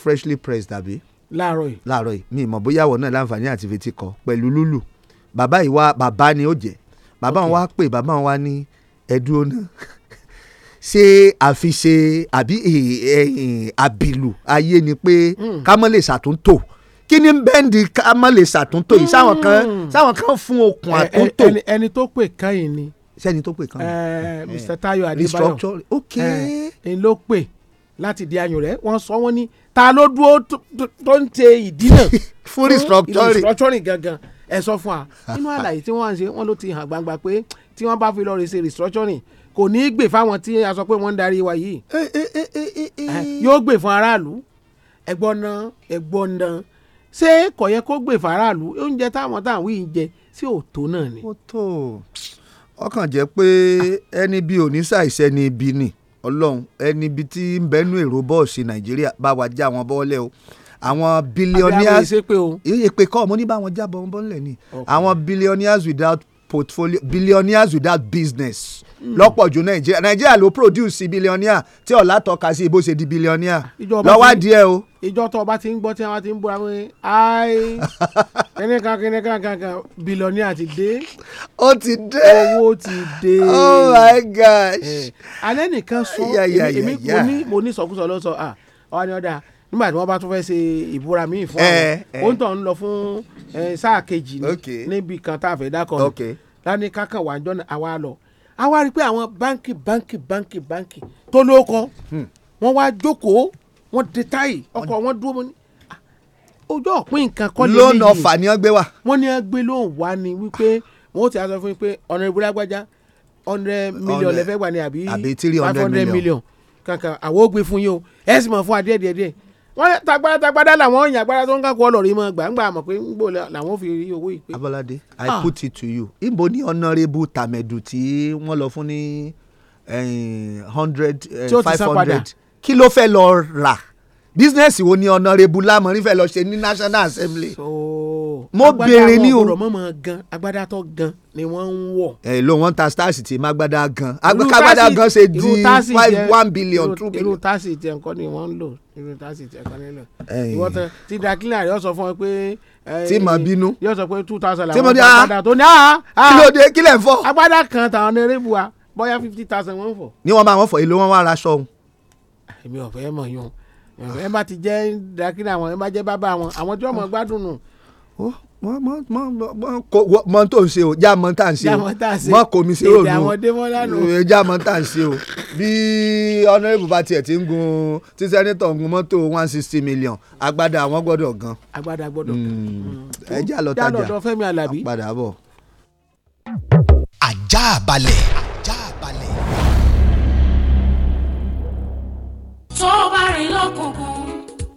freshly pressed tàbí. láàárọ̀ yìí láàárọ̀ yìí mi ìmọ̀ bóyá àwọn náà láǹfààní àti fetí kọ pẹ̀lú lúlù bàbá ìwà bàbá ni ó jẹ́ bàbá wọn wá pè bàbá wọn wá ní ẹ̀dúró náà ṣe àfiṣe àbí àbìlù ayé ni pé hmm. ká ṣàtúntò kí ni bẹ́ǹdì ká mọ́ lè ṣàtúntò yìí sáwọn kan hmm. sáwọn kan fún okùn àtúntò. ẹni tó pè kán yìí ni sẹ́ni tó pè kán yìí. Mr Tayo Adébáyọ̀ ok ẹni ló pè láti di ayùn rẹ̀ wọ́n sọ wọ́n ní ta ló dúró tó ń ṣe ìdí náà. fún restructuring restructuring gangan ẹ sọ fún wa nínú àlàyé tí wọ́n ń ṣe wọ́n ló ti hàn gbangba pé tí wọ́n bá fi lọ rè ṣe restructuring kò ní í gbè fáwọn tí a sọ pé wọ́n ń darí wa yìí eh, eh, eh, yóò gbè fún aráàlú ẹ̀gbọ́n náà ẹ̀gbọ́n náà ṣé kò yẹ kó gbè fún aráàlú oúnjẹ táwọn táwọn yìí ń jẹ sí òtó náà ni. ó tó ọkàn jẹ́ pé ẹni bí oníṣàìṣẹ́ ni ibi ni ọlọ́run ẹni bí tí ń bẹ́nu èrò bọ́ọ̀sì nàìjíríà bá wa já wọn bọ́ọ̀lẹ́ o àwọn billionaires iye pe kọ́ ọmọ ní báwọn jábọ̀ wọn bọ́ọ̀lẹ̀ ni àwọn billionaires without portfolio billionaires without business lọ́pọ̀ ju nàìjíríà nàìjíríà ló produce billionaire tí ọ̀la tọ́ka sí bó ṣe di billionaire lọ́wọ́ díẹ̀ o. ìjọ tó o bá ti ń gbọ́ tí wọ́n ti ń búra pé ai kínníkan kínníkan kankan billionaire ti dé. ó ti dé owó ti dé. oh my gosh. Eh, alẹ́ nìkan sọ èmi mo ní mo ní sọkúsọ ló sọ ah ọ̀hánì ọ̀dà nígbà tí wọ́n bá tún fẹ́ ṣe ìbúra míì fún eh, àwọn ohun eh. tó ń lọ fún eh, sáà kejì níbi kan tá a fẹ́ dákọ̀ ni lánìí kákan wà jọ́nà àwa lọ àwa rí i pé àwọn báńkì báńkì báńkì báńkì tó lóko hmm. wọ́n wá jókòó wọ́n dé táyì ọkọ̀ wọn dúró ní ah, ojú ọ̀pìn nǹkan kọ́ lé lónìí lónà ọ̀fà ni wọ́n gbé wá. wọ́n ní wọ́n gbé lóhùn wá ni wípé wọ́n ti sọ fún mi pé ọ̀nà ìbúra gbájá hundred million lẹ́fẹ̀ẹ́ gbà ni àbí five hundred million kankan àwọn ò gbé fún yín o ẹ̀ sì mọ̀ fún adé díẹ̀ wọ́n tagbada tagbada làwọn yàn agbada tó ń kankọ ọlọ́ọ̀rì mọ́ gbàǹgbà mọ̀ pé ńgbò làwọn fi rí owó ìpè. Abolade I ah. put it to you ibo ni honourable Tàmẹ̀dù tí wọ́n lọ fún ní hundred eh, five hundred kí ló fẹ́ lọ rà bísínẹ́sì wo ni ọ̀nàrẹ́bù lámọ̀rin fẹ́ lọ ṣe ní national assembly. so mo béèrè ní o. agbada gan agbada tó gan ni wọ́n ń wọ̀. ẹ ló wọ́n ta stars ti má gbada gan agbada gan ṣe di five one billion two billion. irú tasi tiẹ̀ nǹkan ni wọ́n ń lò irú tasi tiẹ̀ nǹkan ni wọ́n ń lò. ìwọ́n tẹ ti dakina yóò sọ fún ẹ pé. tí mà bínú. yóò sọ pé two thousand làwọn ah, agbada tó ní. Ah, ah, kí ló dé kílẹ̀ fọ́. agbada kan tàwọn ọ̀nàrẹ́bù wa bóyá fifty thousand wọ́n fọ̀. ni wọ́n bá wọn fọ èlò wọn wá aṣọ òun. èmi ò fẹ́ mọ̀ yún ẹ bá ti jẹ́ dákìlà wọn ẹ bá jẹ́ bàbá wọn àwọn tí wọ́n mọ̀ ah. gbádùn nù mọ mọ mọ mọ kò mọ tó ń ṣe o já mọ tá ń ṣe o mọ kò mi ṣe o já mọ tá ń ṣe o bí ọ̀nàrẹ́bù bá tiẹ̀ ti ń gun tí sẹ́nitọ̀ ń gun mọ́tò one sixty million agbada àwọn gbọ́dọ̀ gan. agbada gbọ́dọ̀ gan. Hmm. Hmm. ẹ já lọ tajà padà bọ̀. ajá balẹ̀. ní lọ́kùnkùn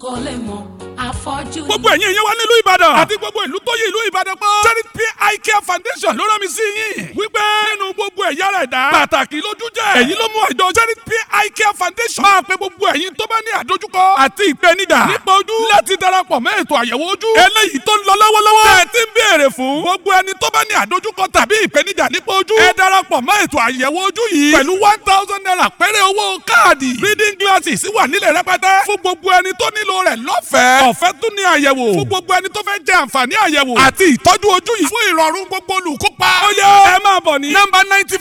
kò lè mọ̀ àfọ́jú. gbogbo ẹ̀yin ìyẹn wá nílùú Ìbàdàn àti gbogbo ìlú tó yí ìlú Ìbàdàn pọ̀. charity eye care foundation ló rán mi sí yín. wípé ẹ̀yà ara ẹ̀dá. pàtàkì lójú jẹ́. èyí ló mú àjọ charity pi care foundation. máa pe gbogbo ẹ̀yin tó bá ní àdójúkọ. àti ìpènijà. nípa ojú. láti darapọ̀ mẹ́ ètò àyẹ̀wò ojú. eléyìí tó ń lọ lọ́wọ́lọ́wọ́. tẹ́ ti ń béèrè fún. gbogbo ẹni tó bá ní àdójúkọ tàbí ìpènijà nípa ojú. ẹ darapọ̀ mẹ́ ètò àyẹ̀wò ojú yìí. pẹ̀lú one thousand naira péré owó káàdì. reading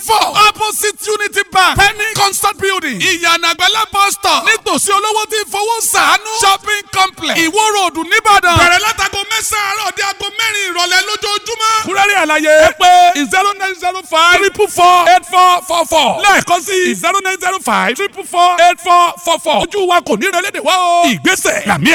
four. opposite unity bank. penny constant building. ìyànà àgbẹ̀lẹ̀ bus stop. nítòsí olówó tí fowó ṣàánú. shopping complex. ìwó ròdù nìbàdàn. bẹ̀rẹ̀ látago mẹ́sàn-án àárọ̀ di aago mẹ́rin ìrọ̀lẹ́ lójoojúmọ́. kúrẹ́rì àlàyé. ẹ pè zero nine zero five triple four eight four four four. lẹ́ẹ̀kan sí zero nine zero five triple four eight four four four. ojú wa kò ní ìrẹ́lẹ́dẹ̀ wá o. ìgbésẹ̀ làmí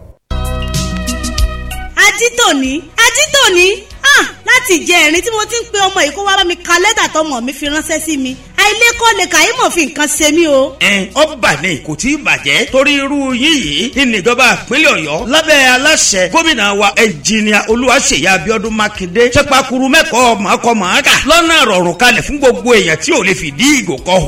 ajítòní ajítòní láti jẹ ẹ̀rín tí mo ti ń pe ọmọ yìí kó wá bá mi ka lẹ́tà tọmọ mi fi ránṣẹ́ sí mi àìlẹ́kọ́ lè kàí mọ̀ fi nǹkan ṣe mí o. ẹ ọ bà ní kò tí ì bàjẹ́ torí irú yín yìí ní ìjọba ìpínlẹ̀ ọ̀yọ́ lábẹ́ aláṣẹ gómìnà wa ẹnjìnìà olúwaṣeyí abiodun makinde ṣẹpakuru mẹ́kọ̀ọ́ màkọ́ màákà lọ́nà rọrùn kalẹ̀ fún gbogbo èèyàn tí ò lè fìdí ìgò kan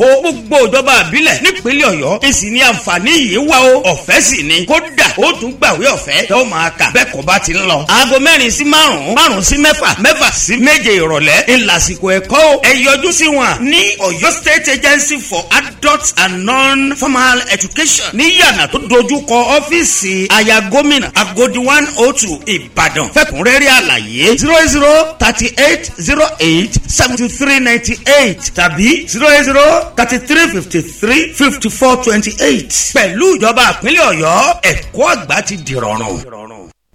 o ọ̀fẹ́ sì ni kódà ó tún gbàwé ọ̀fẹ́ tó máa kà bẹ́ẹ̀ mẹ́fà sí méje ìrọ̀lẹ́ ńlásìkò ẹ̀kọ́ o ẹ yọjú sí wọn ní Ọ̀yọ́ State Agency for Adult and Non-Formal Education ní yàrá tó dojú kọ ọ́fíìsì aya gómìnà Agodi one oh two Ìbàdàn fẹ́kúnrẹ́rẹ́ àlàyé zero zero thirty eight zero eight seventy three ninety eight tàbí zero zero thirty three fifty three fifty four twenty eight pẹ̀lú ìjọba ìpínlẹ̀ Ọ̀yọ́ ẹ̀kọ́ àgbà ti dìrọ̀rùn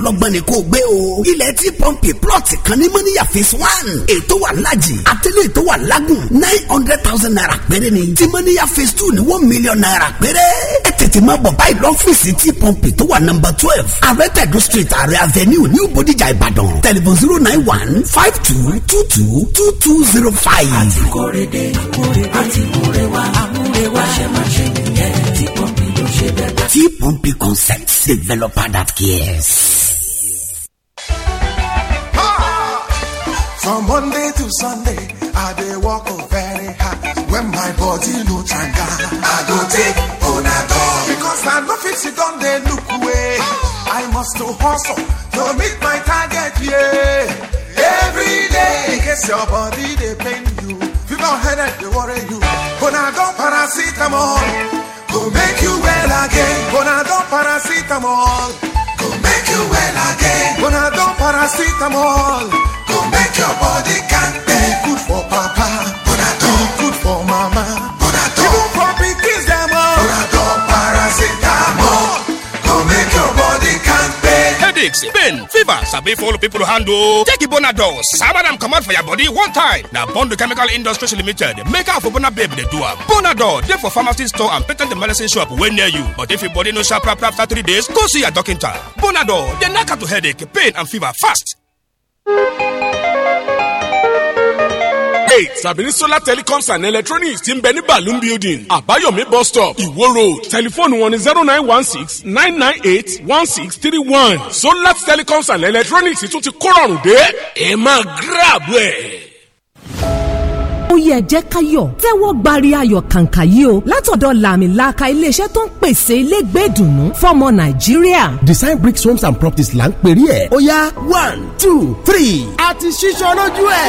ọlọ́gbọ́n ni kò gbé o. ilẹ̀ tí pọ́ǹpì plọ̀tì kan ní mọ́níyà phase one ètò wà lájì àtẹlẹ́ ètò wà lágùn nine hundred thousand naira péré ni tí mọ́níyà phase two ní one million naira péré. ẹ tètè máa bọ̀ báyìí lọ́fíìsì tí pọ́ǹpì tó wà number twelve arẹ́tẹ̀dù street àrẹ avenue new bodijà ìbàdàn tẹlifon zero nine one five two two two two two zero five. àti kórede àti kórewa àmúrewa ṣe máa ṣe nìyẹn tí pọ́ǹpì ló ṣe bẹ́ẹ̀. tí pọ́ǹpì concepts developer that cares. From Monday to Sunday, I dey walk oh very high. When my body no tranga, I go take on a dog. Because I no fit sit down there. look away. I must to hustle to meet my target, yeah. Every day, in case your body dey pain you, fever headache dey worry you. But I go paracetamol, go make you well again. But I don't go paracetamol you well again. Gonna do paracetamol to make your body can't be good for papa. Gonna do good for mama. headaches pain fever sabi for all people handle oh. take ibona dust sabi am comot for your body one time Now bondo chemical Industries limited maker of bona babe dey do am bonadol There for pharmacy store and patent medicine shop wey near you but if your body no sharp sharp after three days go see your doctor bonadol They knock out to headache pain and fever fast eight Sabini solar telecoms and electronics ti ń bẹ ní balloon building àbáyọ̀mí bus stop Iwo road tẹlifóònù wọn ni zero nine one six nine nine eight one six three one solar telecoms and electronics tún ti kó rọrùn dé ẹ máa gíràbù ẹ̀ yẹ ẹ jẹ́ káyọ̀ tẹ́wọ́ gbari ayọ̀ kàǹkà yìí o látọ̀dọ̀ làmìlaka iléeṣẹ́ tó ń pèsè ilégbè dùnú fọmọ nàìjíríà. design bricks homes and properties là ń pèrè ẹ̀ ó yá one two three àti ṣíṣọ́ lójú ẹ̀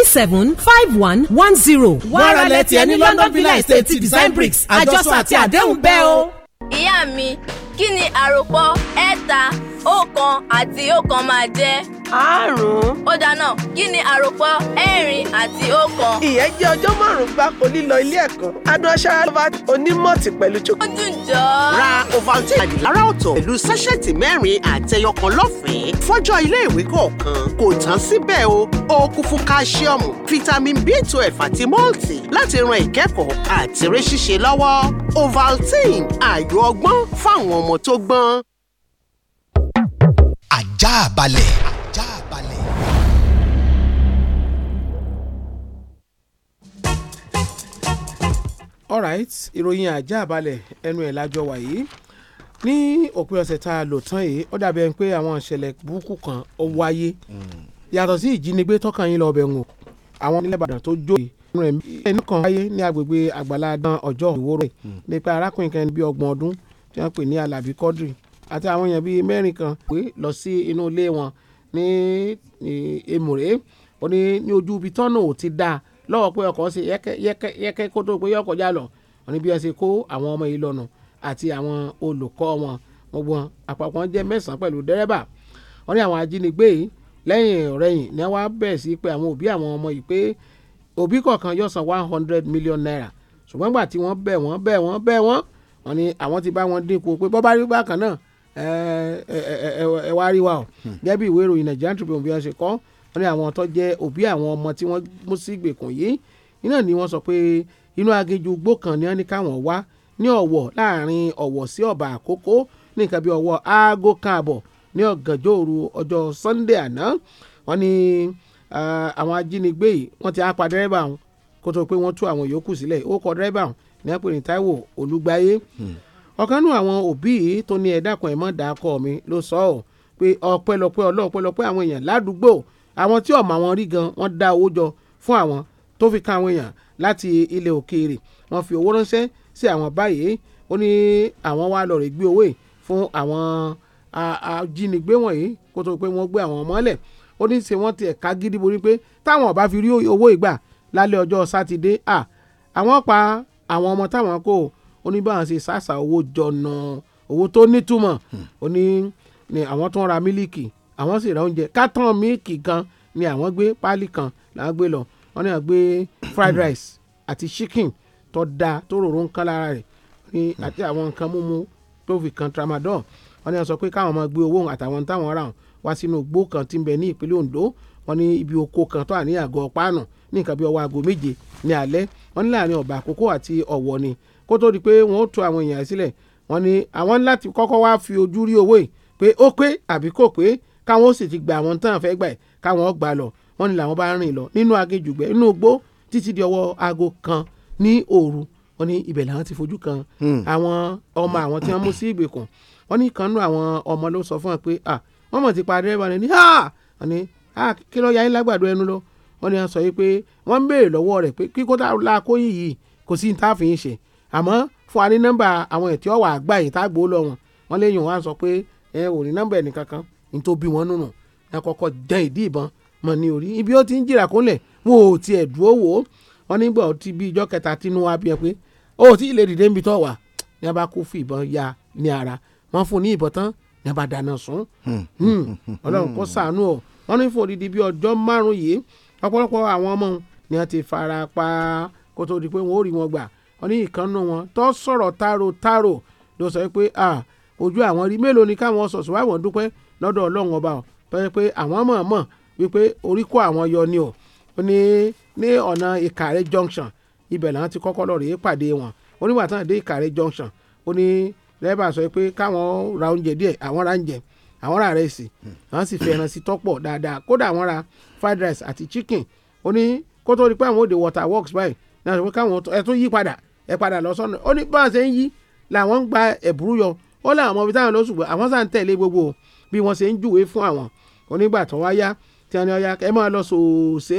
nine seven five one one zero. wàrà lẹ́tì ẹni London Villa Estate Design Bricks àjọṣọ àti àdéhùn bẹ́ẹ̀ o. ìyá mi Kí ni àròpọ̀ ẹẹ́ta, oókan àti oókan máa jẹ́? Àrún. Ó dáná, kí ni àròpọ̀ ẹ̀rin àti oókan? Ìyẹn jẹ́ ọjọ́ márùn-ún gbáko lílọ ilé ẹ̀kọ́. Adùn aṣara lovat onímọ̀tì pẹ̀lú chocolate. Ó dùn jọ. Ra Ovaltine àdìlára ọ̀tọ̀ pẹ̀lú sẹ́ṣẹ̀tì mẹ́rin àtẹyọkan lọ́fẹ̀ẹ́ fọ́jọ́ ilé-ìwé kọ̀ọ̀kan. Kò tán síbẹ̀ o, ó kún fún káṣíọ̀mù, fítámìn B12 àti mọ́ọ̀tì láti ran ìkẹ́kọ̀ọ́ àtẹ̀rẹ́ ṣíṣe Ovaltine ààyò ọgbọ́n ọmọ tó gbọ́n. ajá balẹ̀. ajá balẹ̀. alright ìròyìn ajá balẹ̀ ẹnu ẹ̀ lájọ wàyí ní òpin ọ̀sẹ̀ tá a lò tán yìí ó dàbí ẹni pé àwọn ìṣẹ̀lẹ̀ burúkú kan ó wáyé yàtọ̀ sí ìjínigbé tọkàn yín lọ́ọ́ bẹ̀ wò àwọn nílẹ̀ Ìbàdàn tó jó ìrìn ẹ̀mí kan wáyé ní agbègbè àgbàlá dán ọjọ́ ìwóró nípa arákùnrin kan bíi ọgbọ̀n ọdún tí wọ́n pè ní Alabi Quadri àti àwọn èèyàn bíi mẹ́rin kan pé lọ sí inú ilé wọn ní Èmùrè ó ní ní ojú ibi tọ́nà ò ti dáa lọ́wọ́ pé ọkọ̀ ṣe yẹ́kẹ́ kó tó pé yọ kọjá lọ wọn ni bí wọ́n ṣe kó àwọn ọmọ yìí lọ́nà àti àwọn olùkọ́ wọn gbogbo àpapọ̀ jẹ́ mẹ́sàn-án pẹ̀lú dẹ́rẹ́bà wọn ní àwọn ajínigbé yìí lẹ́yìn ọ̀rẹ́yìn ni wọ́n á bẹ̀rẹ̀ sí pé àwọn òbí àwọn ọmọ yìí pé òbí kọ̀ọ̀kan yóò san one hundred million naira ṣùgbọ́n gbà tí wọ́n bẹ̀ wọ́n bẹ̀ wọ́n bẹ̀ wọ́n wọ́n ní àwọn ti bá wọn dínkù pé bọ́ bá rí bákan náà ẹ wá rí wa o hmm. gẹ́gẹ́ bí ìwé ìròyìn Nigerian Tribune bí wọ́n ṣe kọ wọ́n ní àwọn tó jẹ́ òbí àwọn ọmọ tí wọ́n mú sí ìgbèkùn yìí iná ni wọ́n sọ pé inú aginjù igbó kan ni wọ́n ní káwọn wá ní ọ̀wọ̀ láàrin ọ̀wọ̀ sí ọ̀bà àkókó ní nǹkan bí ọwọ́ aago kan àbọ̀ ní ọ̀gànjọ́ òru ọjọ́ Sunday àná wọ́n ní àwọn ajínigbé yìí wọ́n ti á pa dẹ́rẹ́bà wọn kó tó pé wọ́n tú àwọn yòókù sílẹ̀ ó kọ dẹ́rẹ́bà wọn ní àpèrè Táíwò Olúgbáyé hmm. ọ̀kan nù àwọn òbí tó ní ẹ̀dàkùn ẹ̀mọ́ dàkọ mi ló sọ ọ́ pé ọpẹ́lọpẹ́ ọlọ́ ọpẹ́lọpẹ́ àwọn èèyàn ládùúgbò àwọn tí ọmọ wọn rí gan wọ́n dá owó jọ fún àwọn tó fi kan àwọn èèyàn láti ilẹ̀ òkèèrè wọ́n fi owó ránṣẹ́ sí àwọn báyìí ó ní àwọn wá lọ rè gbé owó yìí fún àwọn ajínigbé wọ̀nyí kó tó pé wọ́n gbé àwọn ọmọ lẹ̀ ó ní ṣe wọ́n ti ẹ̀ka gidi borí pé táwọn ọba fi rí owó ìgbà lálẹ́ ọjọ́ sátidé à àwọn pa àwọn ọmọ táwọn kò ó ní báwọn ṣe ṣàṣà owó jọ̀nà owó tó nítumọ̀ hmm. ó ní ni àwọn tó ń ra mílíkì àwọn sì ra oúnjẹ kátàn mílíkì kan ni àwọn gbé páálí kan làwọn gbé lọ wọn ní àwọn gbé fried hmm. rice àti chicken tó da tó rorò ń kán lára rẹ̀ ní hmm. àti àwọn nǹkan múmu tó fi kan tramadol wọn ní wọn sọ pé káwọn máa gbé owó àtàwọn táwọn rà wọn wá sínú igbó kan tí ń bẹ ní ìpínlẹ̀ Ondo wọn ní ibi oko kan tó wà ní àgọ́ páànù ní nǹkan bí ọwọ́ aago méje ní alẹ́ wọ́n ní láàrin ọ̀bà àkókò àti ọ̀wọ̀ ni kó tó di pé wọ́n ó tú àwọn èèyàn sílẹ̀ wọ́n ní àwọn láti kọ́kọ́ wá fi ojú rí owó yìí pé ó pé àbí kò pé káwọn ó sì ti gba àwọn tán fẹ́ gbà ẹ̀ káwọn ó gbà lọ wọ́n ní làwọn bá rìn lọ nínú agéjùgbẹ́ inú igbó títí di ọwọ́ aago kan ní òru wọ́n ní ibẹ̀ làwọn ti fojú kan hmm. àwọn ọmọ àwọn tí wọ́n mú sí ìgbèkùn wọ́n ní kan nú àwọn ọmọ ló sọ fún wọn pé ah wọ́n mọ̀ ti pa dẹ́rẹ́bà ni ah kí ló ya yín lágbàdo ẹnu lọ wọ́n ní wọ́n sọ yìí pé wọ́n ń béèrè lọ́wọ́ rẹ̀ pé kíkó la kó yìí kò sí tá a fi ń ṣe àmọ́ fún wa ní nọ́mbà àwọn ètí ọ̀wà àgbà yìí tá a gbó lọ wọn wọ́n léyìn wọn sọ pé ẹ ò ní nọ́mbà ẹnì kankan ní bí wọn nùnù ẹ kọ́kọ́ dán ìdí ìbọn mọ̀ ní orí ibi ó ti ń jìrà kúnlẹ̀ wọn ò tiẹ̀ dúró wò ó wọ́n nígbà tí bí ijọ́ kẹta tinú wa bí ẹ pé ó ti lè dìde níbi tó wà ní a bá kó fi ìbọn ya ní ara wọ́n fún ní ìbọn tán ní a bá dáná sun hmm. Hmm. ọlọ́run kó ṣàánú ọ wọ́n ní fún odidi bí ọjọ́ márùn yìí ọ̀pọ̀lọpọ̀ àwọn ọmọ ni wọ́n ti fara pa kó tó di pé wọ́n ó rí wọn gbà wọ́n ní ìkànnù wọn tó sọ̀rọ̀ taro taro ló sọ pé ojú àwọn rí mélòó ni káwọn sọ̀sọ̀ wá wọ́n dúpẹ́ lọ́dọ̀ ọlọ́run ọba ọ̀ tó yẹ pé àwọn mọ̀ mọ̀ wípé orí kó àwọn yọ ni ọ̀ ní ní ọ̀nà ìkàrẹ́ junction ibẹ̀ làwọn ti kọ́kọ́ lọ rèé pàdé wọn oníwàtàn dé ìkàrẹ́ junction ó ní lẹ́bàá sọ pé káwọn ra oúnjẹ díẹ̀ àwọn ra oúnjẹ àwọn ra rẹsì àwọn sì fi sí tọ́pọ̀ dáadáa kódà àwọn ra fried rice àti chicken ó ní kó tó di pé àwọn òde water works báyìí náà sọ pé káwọn ẹ tún yí padà ẹ padà lọ sọ́nà ó ní báwọn ṣe ń yí làwọn ń gba ẹ̀bùrú yọ ó láwọn ọmọ ibi táwọn lọ ṣùgbọ́n àwọn sàn tẹ̀lé gbogbo bí wọ́n ṣe ń júwe fún àwọn onígbà tó wáyá tí wọn ní ọyá ẹ máa lọ sòòsè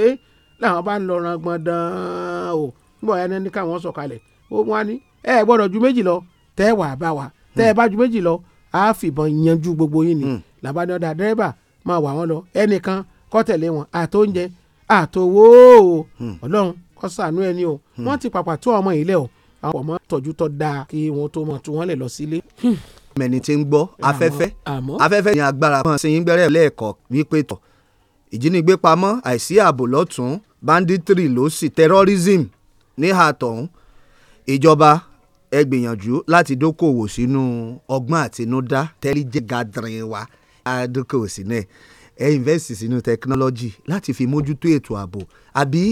làwọn bá ń lọ ran gbọ̀ndàn o nígbà yẹn ní káwọn sọ̀kalẹ̀ ó wọn á ní ẹ gbọ́dọ̀ ju méjì lọ tẹ́ wà a fìbọn yanjú gbogbo yín ni hmm. làbádọ́dà dẹ́rẹ́bà máa wà wọ́n lọ ẹnìkan kó tẹ̀lé wọn àtóúnjẹ àtòwò hmm. ọlọ́run kó ṣàánú ẹni o hmm. wọ́n ti pàpà tó ọmọ ilé o àwọn ọmọ tọ́jú tó dáa kí wọ́n tó mọ̀ tí wọ́n lè lọ sílé mẹni tí ń gbọ́ afẹ́fẹ́ afẹ́fẹ́ ní agbára kan sí yín gbẹ́rẹ́ lẹ́ẹ̀kọ́ wípé tọ̀ ìjínigbé pamọ́ àìsí ààbò lọ́tún banditry ló sì terrorism ní àtọ̀hún ìjọba ẹ gbìyànjú láti dókòwò sínú ọgbọ́n àtinúdá tẹ́líjẹ́ gathering wa àdókòwò sínú ẹ̀ ẹ invest sínú technology láti fi mójútó ètò ààbò àbí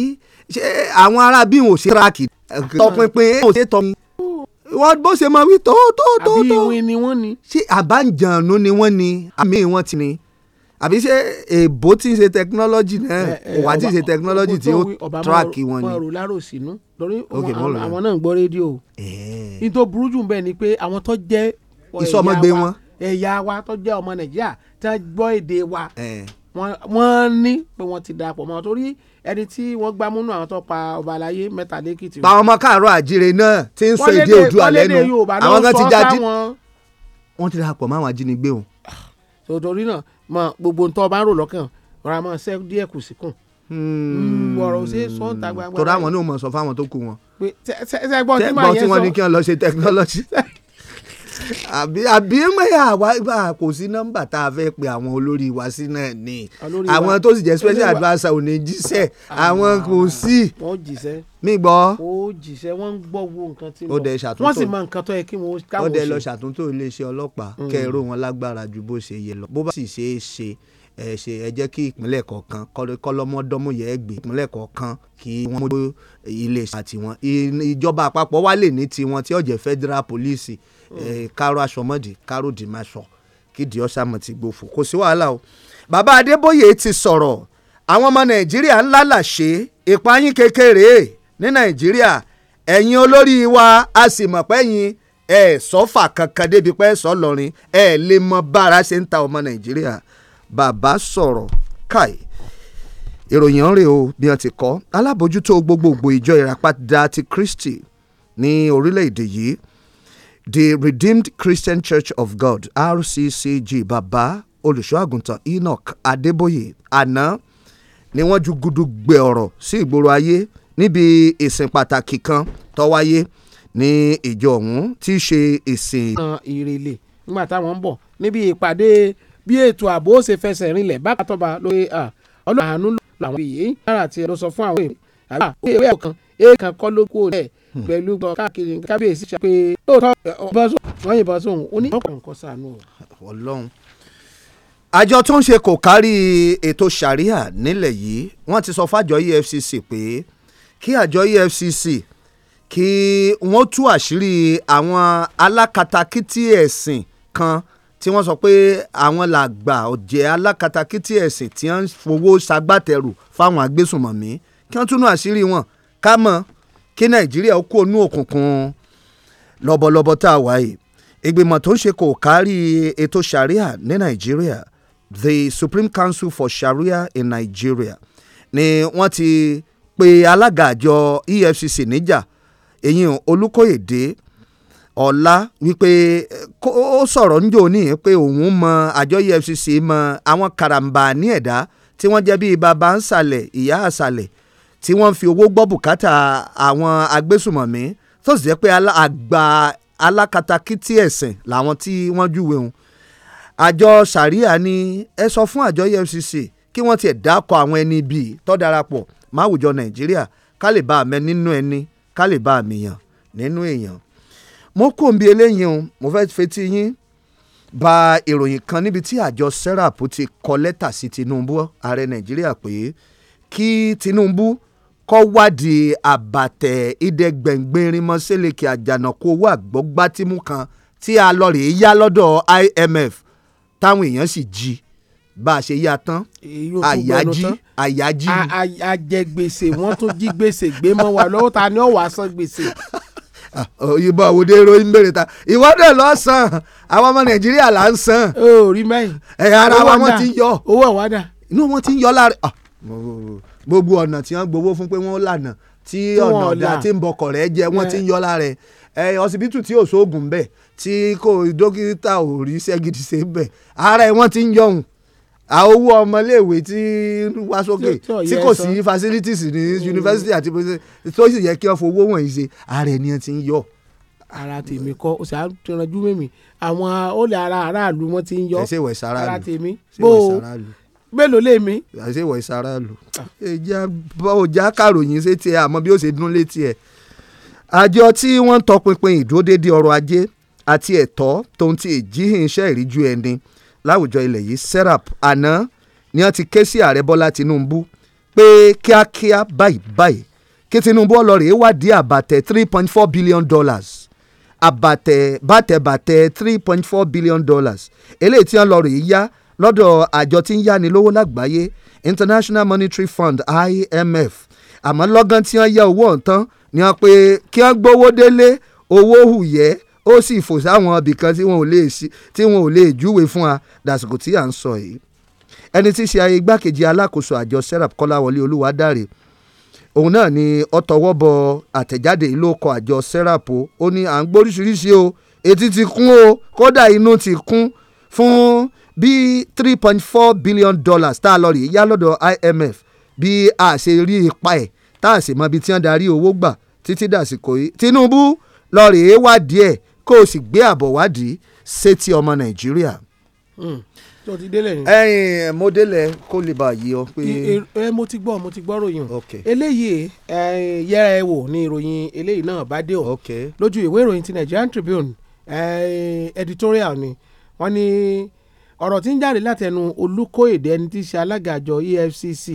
ṣé àwọn ará bí wọn ò ṣe tíráàkì tọpinpin wọn ò ṣe tọpinpin wọ́n bó ṣe máa wí tó tó tó tó àbí ìwé ni wọ́n ni. ṣé àbájánu ni wọ́n ni àmì wọn ti ni àbí ṣé èbó tí ń ṣe technology náà wà eh, eh, tí ń ṣe technology tí ó track wọn ni. ọba ọ̀rọ̀ lárò sínú lórí àwọn náà ń gbọ́ rédíò eh. ní tó burú jù bẹ́ẹ̀ ni pé àwọn tó jẹ́ ìsọmọgbé wọn ẹ̀yà wa tó jẹ́ ọmọ nàìjíríà tí wọ́n gbọ́ èdè wa wọ́n ní pé wọ́n ti darapọ̀ mọ́ torí ẹni tí wọ́n gbá múnú àwọn tó pa ọba aláyé mẹ́ta lẹ́kìtì. pa ọmọ káàárọ̀ àjíire náà tí ń sọ èdè Oòduà lẹ́nu àwọn kan ti jáde wọ́n ti darapọ̀ mọ́ àwọn ajínigbé ah, o. torí náà mọ gbogbo ntọ́ bá rò lọ́kàn rà mọ́ ṣẹ́ díẹ̀ kù sí kùn. Hmm. ọ̀rọ̀ ṣe sọ ń ta gbangba. tọ́ra àwọn náà mọ̀ sọ fáwọn tó kù wọn. tẹ́gbọ́n tí màá yẹn sọ. tẹ́gbọ́n tí wọ́n ní kí wọ́n lọ ṣe technology. àbí àbí mẹ́yà wá kò sí nọ́mbà tá a fẹ́ pe àwọn olórí wa sí náà ni àwọn tó sì jẹ́ special adviser ò ní jíṣẹ́ ah, àwọn kò sí. wọ́n jíṣẹ́ mi gbọ́. ó jìṣẹ́ wọ́n ń gbọ́ wo nǹkan tí ń lọ ó dẹ̀ ṣàtúntò wọ́n sì mọ nǹkan tó yẹ kí wọ́n káwọn ṣe. ó dẹ̀ lọ ṣàtúntò iléeṣẹ́ ọlọ́pàá mm. kẹ́rọ wọn lágbára ju bó ṣe yẹ lọ bó bá sì ṣe é ṣe ẹ ṣe ẹ jẹ́ kí ìpínlẹ̀ kọ̀ọ̀kan kọ́lọ́mọdọ́mọ yẹ ẹ gbé ìpínlẹ̀ kọ̀ọ̀kan kí wọ́n mú iléeṣẹ́ àtiwọn ìjọba àpapọ̀ wà lè ní tiwọn tí ó jẹ́ federal police mm. káró aṣọmọdì káró dìmaṣọ kídì ọ̀sàmọ̀ ti gbòfò kò sí wàhálà o bàbá Adébóyè ti sọ̀rọ̀ àwọn ọmọ Nàìjíríà ńlá làṣẹ ìpayín kékeré ní nàìjíríà ẹ̀yin olórí wa a sì mọ̀ pé ẹ̀yin ẹ̀ sọ́fà kankan débi pé sọ́ lọ́rin ẹ̀ lè mọ bára ṣe ń ta ọmọ nàìjíríà bàbá sọ̀rọ̀ káì ìròyìn ọ̀rẹ́ o bí wọ́n ti kọ́ alábòjútó gbogbogbò ìjọ ìràpadà ti Kristi ní orílẹ̀-èdè yìí the Redeemed Christian Church of God RCCG bàbá olùṣọ́àgùntàn Enoch Adébóyè àná ni wọ́n ju gudugbẹ̀ ọ̀rọ̀ sí ìgboro ayé níbi ìsìn pàtàkì kan tó wáyé ní ìjọ ọ̀hún tí í ṣe ìsìn. ìrèlè nígbà táwọn ń bọ̀ níbi ìpàdé bí ètò ààbò ṣe fẹsẹ̀ rinlẹ̀ bákan tọ́ba lórí ọlọ́àánú làwọn èyí yàrá tí ẹ̀rọ sọ fún àwọn èèyàn àbí àwọn èèyàn kan èèyàn kan kọ́ ló kú òlẹ̀ hmm. pẹ̀lú gbọ́ káàkiri kábíyèsí ṣe pé lóòótọ́ wọ́n yìnbọn sóhun ó ní ọkọ̀ nǹkan sànú. ọlọ́run àjọ tó ń ṣe kò kárí ètò sàríà nílẹ̀ yìí wọ́n ti sọ fájọ EFCC pé kí àjọ EFCC kí wọ́n tú àṣírí àwọn alákatakítí ẹ̀sìn kan tí wọ́n sọ pé àwọn làgbà ọ̀jẹ̀ alákatakítí ẹ̀sìn tí wọ́n fowó ṣagbátẹrù fáwọn agbésùnmọ̀mí kí wọ́n túnú àṣírí wọn ká mọ̀ kí Nàìjíríà ó kú ònú òkùnkùn lọ́bọ̀lọ́bọ̀ tá a wà yìí ìgbìmọ̀ tó ń ṣe kò kárí ètò sharia ní Nàìjíríà the Supreme Council for Sharia in Nigeria ni wọ́n ti pe alága àjọ EFCC níjà eyín Olúkóyèdé ọ̀la wípé ó sọ̀rọ̀ níjó ní pé òun mọ àjọ EFCC mọ àwọn karambà ní ẹ̀dá tí wọ́n jẹ́ bíi bàbá ń sàlẹ̀ ìyá àsàlẹ̀ tí wọ́n fi owó gbọ́ bùkátà àwọn agbésùmọ̀mí tó sì jẹ́ pé àgbà alákatakítí ẹ̀sìn làwọn tí wọ́n júwe òun àjọ sàríà ni ẹ sọ fún àjọ EFCC kí wọ́n tiẹ̀ dákọ̀ àwọn ẹni bíi tó darapọ̀ máwùjọ nàìjíríà ká lè bá àmẹ nínú ẹni ká lè bá àmì yàn nínú èèyàn. mo kò ń bi eléyìí o mo fẹ́ fetí yín ba ìròyìn kan níbi tí àjọ serap ti kọ lẹ́tà sí tinubu ààrẹ nàìjíríà pé kí tinubu kọ́ wádìí àbàtẹ̀ ìdẹ́gbẹ̀ngbẹ̀rinmọ́sẹ́lẹ̀kì àjànàkú owó àgbọ̀gbátímù kan tí a lọ rèé yá lọ́dọ̀ IMF táwọn èèyàn sì jí i bá a ṣe yá tán àyájí àyájí. àjẹgbèsè wọn tún jí gbèsè gbé mọ́ wa lọ́wọ́ ta ni ó wàá san gbèsè òyìnbó ah, àwòdè ìròyìn bèrè ta ìwọ́dọ̀ lọ́sàn-án àwọn ọmọ nàìjíríà là ń san. ó rí mẹ́yìn ẹ̀ ara wa wọ́n ti ń yọ. owó àwàdà. inú wọn ti ń yọ lára ah, gbogbo ọ̀nà tí wọ́n gbowó fún pé wọ́n lànà tí ọ̀nà ọ̀dà tí ń bọkọ̀ rẹ̀ jẹ́ wọ́n ti ń yọ lára ẹ̀ ọsibítù tí ò sóògùn bẹ́ẹ̀ tí kò dókítà ò rí sẹ́gidi ṣe bẹ́ẹ̀ ara ẹ̀ wọ́n ti ń yọ̀hún owó ọmọléèwé tí ń wá sókè tí kò sí facilities ní yunifásitì mm. àti tó sì yẹ kí ọ fowó wọ̀nyí ṣe ààrẹ ni ẹ ti ń yọ. ara tèmi kọ o ṣáà tẹnjú mímì àwọn olè ara aráàlú wọn ti ń yọ ara tèmi bó o mélòó lè mi. àṣé ìwọ ìsara ah. lò ọjà karòyìn ṣe tiẹ̀ àmọ́ bí ó ṣe dún létí ẹ̀. àjọ tí wọ́n ń tọpinpin ìdúródédé ọrọ̀ ajé àti ẹ̀tọ́ tó ń ti ìjíhìn iṣẹ́ ìríjú ẹni láwùjọ ilẹ̀ yìí serap àná ni wọ́n ti ké sí ààrẹ bọ́lá tinubu pé kíákíá báyìí báyìí kí tinubu ọlọ́rẹ̀ wádìí àbàtẹ̀ three point four billion dollars àbàtẹ̀ bàtẹ̀bàtẹ̀ three point four billion dollars eléyìí tí wọ́n lọ́rẹ̀ yá lọ́dọ̀ àjọ tí ń yáni lówó lágbàáyé International Monetary Fund IMF àmọ́ lọ́gán tí wọ́n yá owó ọ̀tán ni wọ́n pe kí wọ́n gbowó délé owó hùyẹ́ ó sì fò sáwọn ibìkan tí wọn ò lè sí tí wọn ò lè júwe fún wa dàsìkò tí à ń sọ yìí ẹni tí í ṣe ayé igbákejì alákòóso àjọ serap kọ́láwọlé olúwadáre òun náà ni ọ̀tọ̀wọ́ bọ àtẹ̀jáde ìlókọ àjọ serap o ó ní à ń gbóríṣiríṣi o etí ti kún o kódà inú ti kún fún bí three point four billion dollars tá a lọ rè yá lọ́dọ̀ IMF bí a ṣe rí ipa ẹ̀ tá a sì mọ ibi tí wọ́n darí owó gbà títí dàsìkò yìí Tinubu lọ rèé wá díẹ̀ kó o sì gbé àbọ̀ wádìí sétí ọmọ nàìjíríà. tó hmm. ti délẹ̀ ni. ẹyin mo délẹ̀ kó lè bá yí ọ pé. ẹ mo ti gbọ́ mo ti gbọ́ ròyìn o eléyìí yẹra ẹ wò ni ìròyìn eléyìí náà bá dé o lójú ìwé ìròyìn ti Nigerian Tribune editorial ni wọ́n ní ọ̀rọ̀ tí ń jáde látẹnu Olùkóyèdè ẹni tí í ṣe alága àjọ EFCC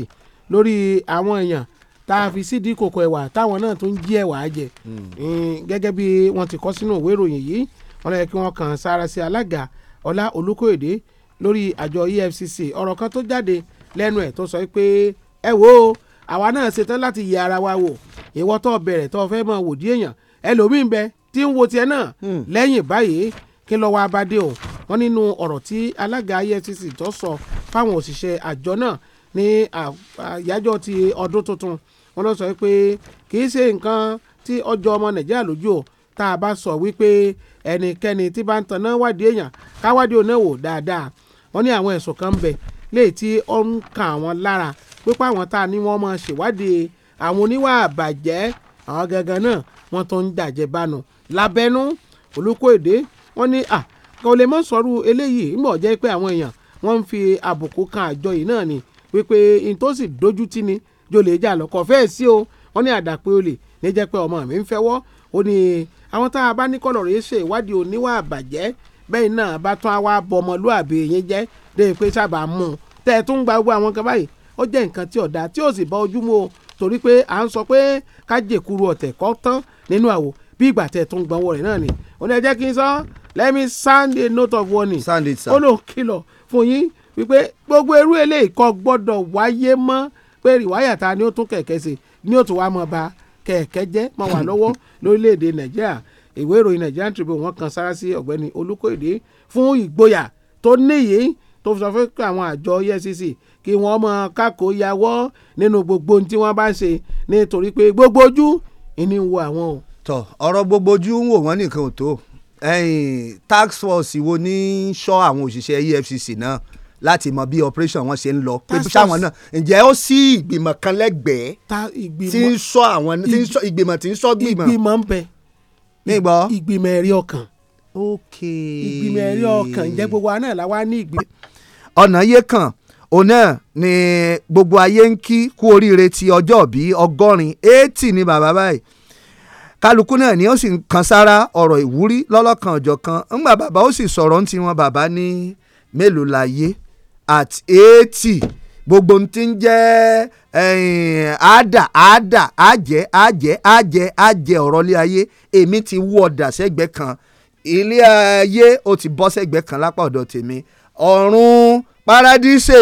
lórí àwọn èèyàn tá a fi sídi kòkò ẹ̀wà táwọn náà tó ń jí ẹ̀wà jẹ hmm. Hmm, gẹ́gẹ́ bí wọ́n ti kọ sínú ìwé ìròyìn yìí wọ́n lọ yẹ kí wọ́n kàn sára sí alága Ọlá Olúkòyèdè lórí àjọ EFCC ọ̀rọ̀ kan tó jáde lẹ́nu ẹ̀ tó sọ pé ẹ wo àwa náà ṣetán láti yẹ ara wa wò ìwọ tó bẹ̀rẹ̀ tó fẹ́ mọ̀ wòdí èèyàn ẹlòmíín bẹ tí ń wo tiẹ̀ náà hmm. lẹ́yìn báyìí kí lọ́wọ́ abadé o wọ́n nínú ọ̀rọ̀ tí alága EFCC tó sọ fáwọn òṣìṣẹ́ àjọ náà ní àyájọ́ ti ọdún tuntun wọn lọ sọ pé kì í ṣe nǹkan tí ọjọ́ ọmọ nàìjíríà lójú o tá a bá sọ wípé ẹnikẹ́ni tí bá ń tanná wádìí èèyàn káwádìí òun náà wò dáadáa wọn ní àwọn ẹ̀sùn kan ń bẹ léyìí tí ó ń kan àwọn lára pípa àwọn tá a ní wọ́n máa ṣèwádìí àwọn oníwà àbàjẹ́ àwọn gangan náà wọ́n tó ń dàjẹ́ bánu lábẹ́nú Olúkóyèdé wọ́n ní kò lè mọ̀ sọ́rú eléyìí ńgbọ̀ jẹ́ pé àwọn èèyàn wọ́n ń fi àbùkù kan àjọ náà ni wípé n tó sì dojú tì ní jòlè jà lọ kọ̀ fẹ́ẹ̀ sí o wọ́n ní àdàpé olè ní jẹ́ pé ọmọ mi ń fẹ́wọ́ ó ní àwọn tá a bá ní kọ̀lọ̀ rèé ṣe ìwádìí oníwà àbàjẹ́ bẹ́ẹ̀ náà bá tún á wá bọ ọmọlúàbí yẹn jẹ́ dé pé sábà mú un tẹ́ ẹ tún gba gbogbo àwọn kan báyìí ó jẹ́ nǹkan tí ọ̀dà tí ó sì bá ojú mú o torí pé à ń sọ pé kájèkuru ọ̀tẹ̀ kọ́ tán nínú àwò bí ìgbà tẹ̀ tún gbọ́n wọ rẹ̀ náà ni ó ní ẹ jẹ́ kí n sọ let me send a note of warning ó lóun kìlọ̀ fún yín wípé gbogbo irú eléyìí kò gbọ́dọ̀ wáyé mọ́ pé rìwáyà ta ni ó tún kẹ̀kẹ́ ṣe ni ó tún wá mọ́ ba kẹ̀kẹ́ jẹ́ mọ́ wà lọ́wọ́ lórílẹ̀‐èdè nàìjíríà ìwé ìròyìn Nigerian Tribune wọ́n kan sára sí ọ̀gbẹ́ni Olúkòyèdè fún ìgboyà tó níyì tó sọ fún àwọn àjọ EFCC kí wọ́n mọ kákó yàwọ́ nínú gbogbo ohun tí wọ́n bá ń ṣe nítorí pé gbogbo ojú ìní ń wo àwọn o. tọ ọ̀rọ̀ gbogbo ojú ń wò wọ́n nìkan ò tó tax force wo ní sọ àwọn òṣìṣẹ́ EFCC náà láti mọ bí operation wọn ṣe ń lọ pé sáwọn náà ǹjẹ́ ó sí ìgbìmọ̀ kan lẹ́gbẹ̀ẹ́ tí ń sọ àwọn ìgbìmọ̀ tí ń sọ gbìmọ̀ ìgbìmọ̀ ń bẹ nígbọ́ ìgbìmọ̀ ẹ̀rí ọkàn ok ìgbìmọ̀ ẹ̀rí ọkàn ǹjẹ́ gbogbo wa náà la wá ní ìgbìmọ̀. ọ̀nà yé kan òun náà ni gbogbo ayé ń kí kú oríire ti ọjọ́ bí ọgọ́rin eighty ni bàbá báyìí kálukú náà ni ó sì ń kan sára ọ̀rọ̀ ìwúrí lọ́lọ́kan ọ̀jọ̀kan ńgbà bàbá ó sì sọ̀rọ̀ ń tiwọn bàbá ní mélòó la at eighty gbogbo ohun tí ń jẹ́ àádà àádà àjẹ́ àjẹ́ àjẹ́ àjẹ́ ọ̀rọ̀ ilé ayé èmi ti wú ọ̀dà sẹ́gbẹ̀ẹ́ kan ilé ayé ó ti bọ́ sẹ́gbẹ̀ẹ́ kan lápá ọ̀dọ̀ tèmi ọ̀run paradíṣe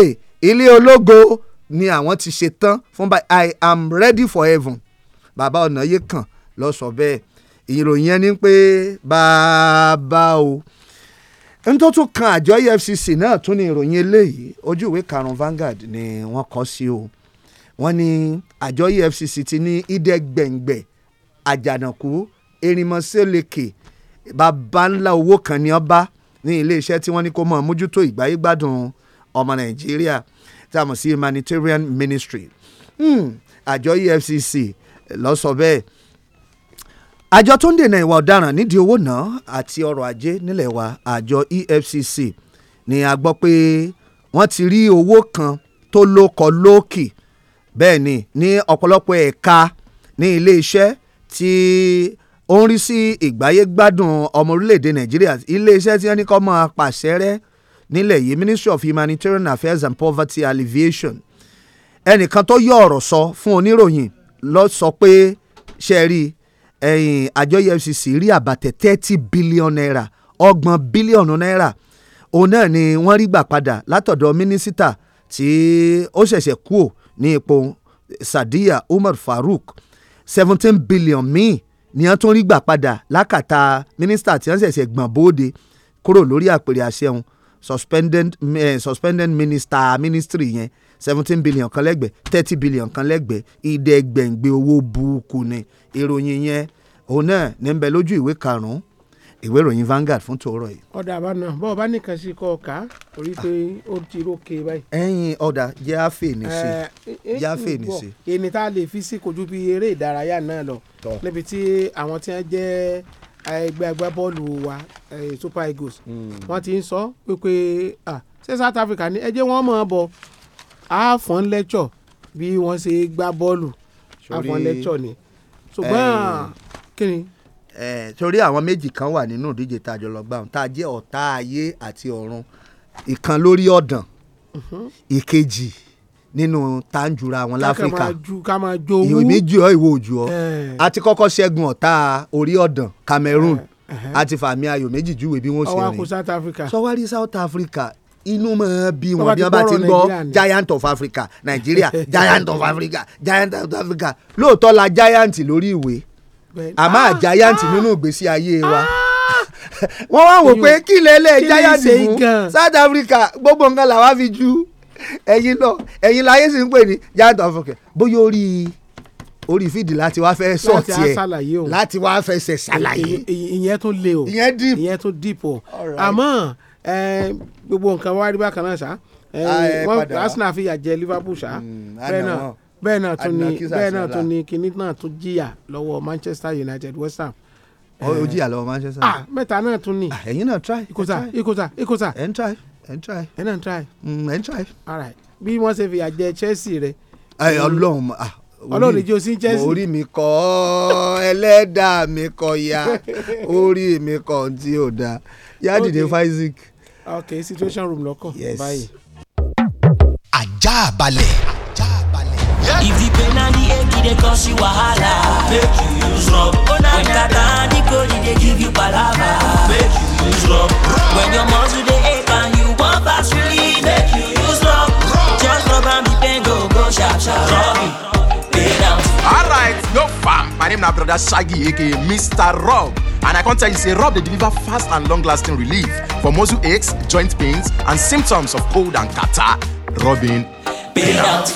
ilé ológo ni àwọn ti ṣe tán fún báyìí i am ready for heaven bàbá ọ̀nà yìí kàn lọ sọ bẹ́ẹ̀ ìròyìn ẹni pé bàbá o n tó tún kan àjọ EFCC náà tún ní ìròyìn eléyìí ojú ìwé karùn-ún Vanguard ni wọ́n kọ sí o wọ́n ní àjọ EFCC ti ní ìdẹ́gbẹ̀ngbẹ̀ àjànàkú erimọ́sẹ́lẹ̀kẹ̀ bàbá ńlá owó kan ní ọba ní iléeṣẹ́ tí wọ́n ní kó mọ̀ mójútó ìgbáyégbádùn ọmọ Nàìjíríà tá a mọ̀ sí humanitarian ministry hmm, àjọ EFCC ló sọ bẹ́ẹ̀ àjọ tó ń dènà ìwà ọ̀daràn nídìí owó náà àti ọrọ̀ ajé nílẹ̀ wa àjọ EFCC ni a gbọ́ pé wọ́n ti rí owó kan tó lóko lóòkì bẹ́ẹ̀ ni ní ọ̀pọ̀lọpọ̀ ẹ̀ka ní iléeṣẹ́ tí ó ń rí sí ìgbáyégbádùn ọmọ orílẹ̀-èdè Nàìjíríà iléeṣẹ́ tí wọ́n ní kó máa pàṣẹ nílẹ̀ yìí Ministry of Humanitarian Affairs and Poverty Alleviation ẹnìkan tó yọ ọ̀rọ̀ sọ fún oníròyìn ló sọ pé ṣe rí i àjọ EFCC rí àbàtẹ thirty billion naira ọgbọ̀n bílíọ̀nù naira. òun náà ni wọ́n rí gbà padà látọ̀dọ̀ mínísítà tí ó ṣẹ̀ṣẹ̀ kú ò ní ipò Sadiya Umar Farouk seventeen billion míì ni wọ́n tún rí gbà padà lákàtà mínísítà tí wọ́n ṣẹ̀ṣẹ̀ gbọ̀n bóde kúrò lórí àpèrè àṣẹun suspended, eh, suspended minister ministry yẹn seventeen billion kan lẹ́gbẹ̀ẹ́ thirty billion kan lẹ́gbẹ̀ẹ́ ìdẹ́gbẹ̀ǹgbẹ̀ owó buukù ni ìròyìn yẹn òun náà ní ń bẹ lójú ìwé karùn-ún ìwé ìròyìn Vanguard fún tòórọ yìí. ọ̀dà àbáná bọ́ ọ bá nìkan sí kọ́ ọ̀ka orí pé ó ti rókè báyìí. ẹyin ọ̀dà jẹ́ àfẹ́ ní sí eh, jẹ́ àfẹ́ eh, eh, ní sí. èyí tá a lè fi sí kojú bí eré ìdárayá náà lọ níbi tí àwọn tí wọ́n jẹ́ ẹgbẹ́ agbábọ́ọ̀lù wa Super Eagles hmm. wọ́n ti ń sọ pé pé ṣé South Africa ni ẹ jẹ́ wọ́n mọ̀ ọ́ bọ̀ a fọ́n lẹ́kṣọ̀ bí wọ́n ṣe gbá bọ́ọ̀lù a fọ́n lẹ́kṣọ̀ ni ṣùgbọ́n eh, kí ni. torí eh, àwọn méjì kan wà nínú ìdíje tá a jọ lọ gbà tá a jẹ́ ọ̀tá ayé àti ọ̀run ìkan lórí ọ̀dàn mhm. ìkejì nínú tanjura wọn láfíríkà ìwé méjì ọ ìwé òjò ọ àti eh. kọ́kọ́ ṣẹ́gun ọ̀tá orí ọ̀dàn Cameroon àti fàmì ayò méjì júwe bí wọ́n ṣe rìn sọwárí South Africa inú máa bí wọn bí wọn bá ti ń gbọ́ giant of africa nàìjíríà giant of africa giant of africa lóòótọ́ la giant lórí ìwé àmọ́ à ah, giant ah. nínú ìgbésí ayé wa ah. wọ́n wá wò pé kí lélẹ̀ giant mú south africa gbogbo nǹkan làwa fi ju ẹ̀yin lọ ẹ̀yin láyé sì ń pè ní giant of africa bóyá orí orí fídì láti wá fẹ́ sọ̀tì ẹ̀ láti wá fẹsẹ̀ ṣàlàyé. ìyẹn tún le o ìyẹn tún deep o àmọ́ gbogbo nǹkan wá rí bákan náà ṣá Arsenal fìyà jẹ Liverpool ṣá hmm, bẹ́ẹ̀ náà tún ni bẹ́ẹ̀ náà tún ni kinní náà tún jìyà lọ́wọ́ Manchester United West Ham. ó jìyà lọ́wọ́ Manchester. ah mẹ́ta náà tún ni. Ah, ẹ̀yin náà try. ikosa, ikosa, ikosa. ẹ̀ try ẹ̀ try. ẹ̀ náà try. Hmm, ẹ̀ ń try. all right bí wọ́n ṣe fìyà jẹ Chelsea rẹ. ẹ Ọlọ́run ah, ọlọ́run ìjọ sí Chelsea. orí mi kọ́ ẹlẹ́dàá mi kọ́ ya orí mi kọ́ tí ò dáa yá dìde Ah, ok situation room lọ́kàn yes. Bye. ajá balẹ̀. If the pain and the ache dey cause you wahala, make you use rub. Oh, When kata and the cold dey give you palava, make you use rub. When your muscle dey ache and you want fast relief, make you use rub. Just rub and the pain go go sharp sharp. Rub pay down. Alright, no fam. My name na brother Shaggy aka Mr. Rob. And I can tell you, say rub they deliver fast and long-lasting relief for muscle aches, joint pains, and symptoms of cold and catarrh. Rubbing. out.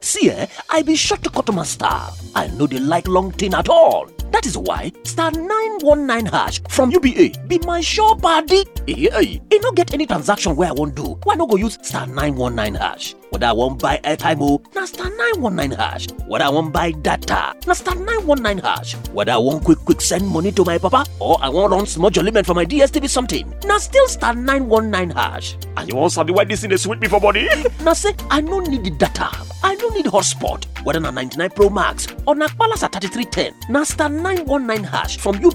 See, eh, I be short to cut my star. I know they like long thing at all. That is why star 919 hash from UBA be my sure party. Hey, eh, eh, hey, eh, hey. E no get any transaction where I won't do. Why not go use star 919 hash? Whether I want buy airtime o, na star 919 hash. Whether I want buy data, na star 919 hash. Whether I want quick quick send money to my papa or I want run small jollyment for my DSTV something, na still star 919 hash. And you want sabi why this in the sweet before body? na say I no need the data. I no need hotspot. Whether na 99 Pro Max or na Palace 3310, na star 919 hash from you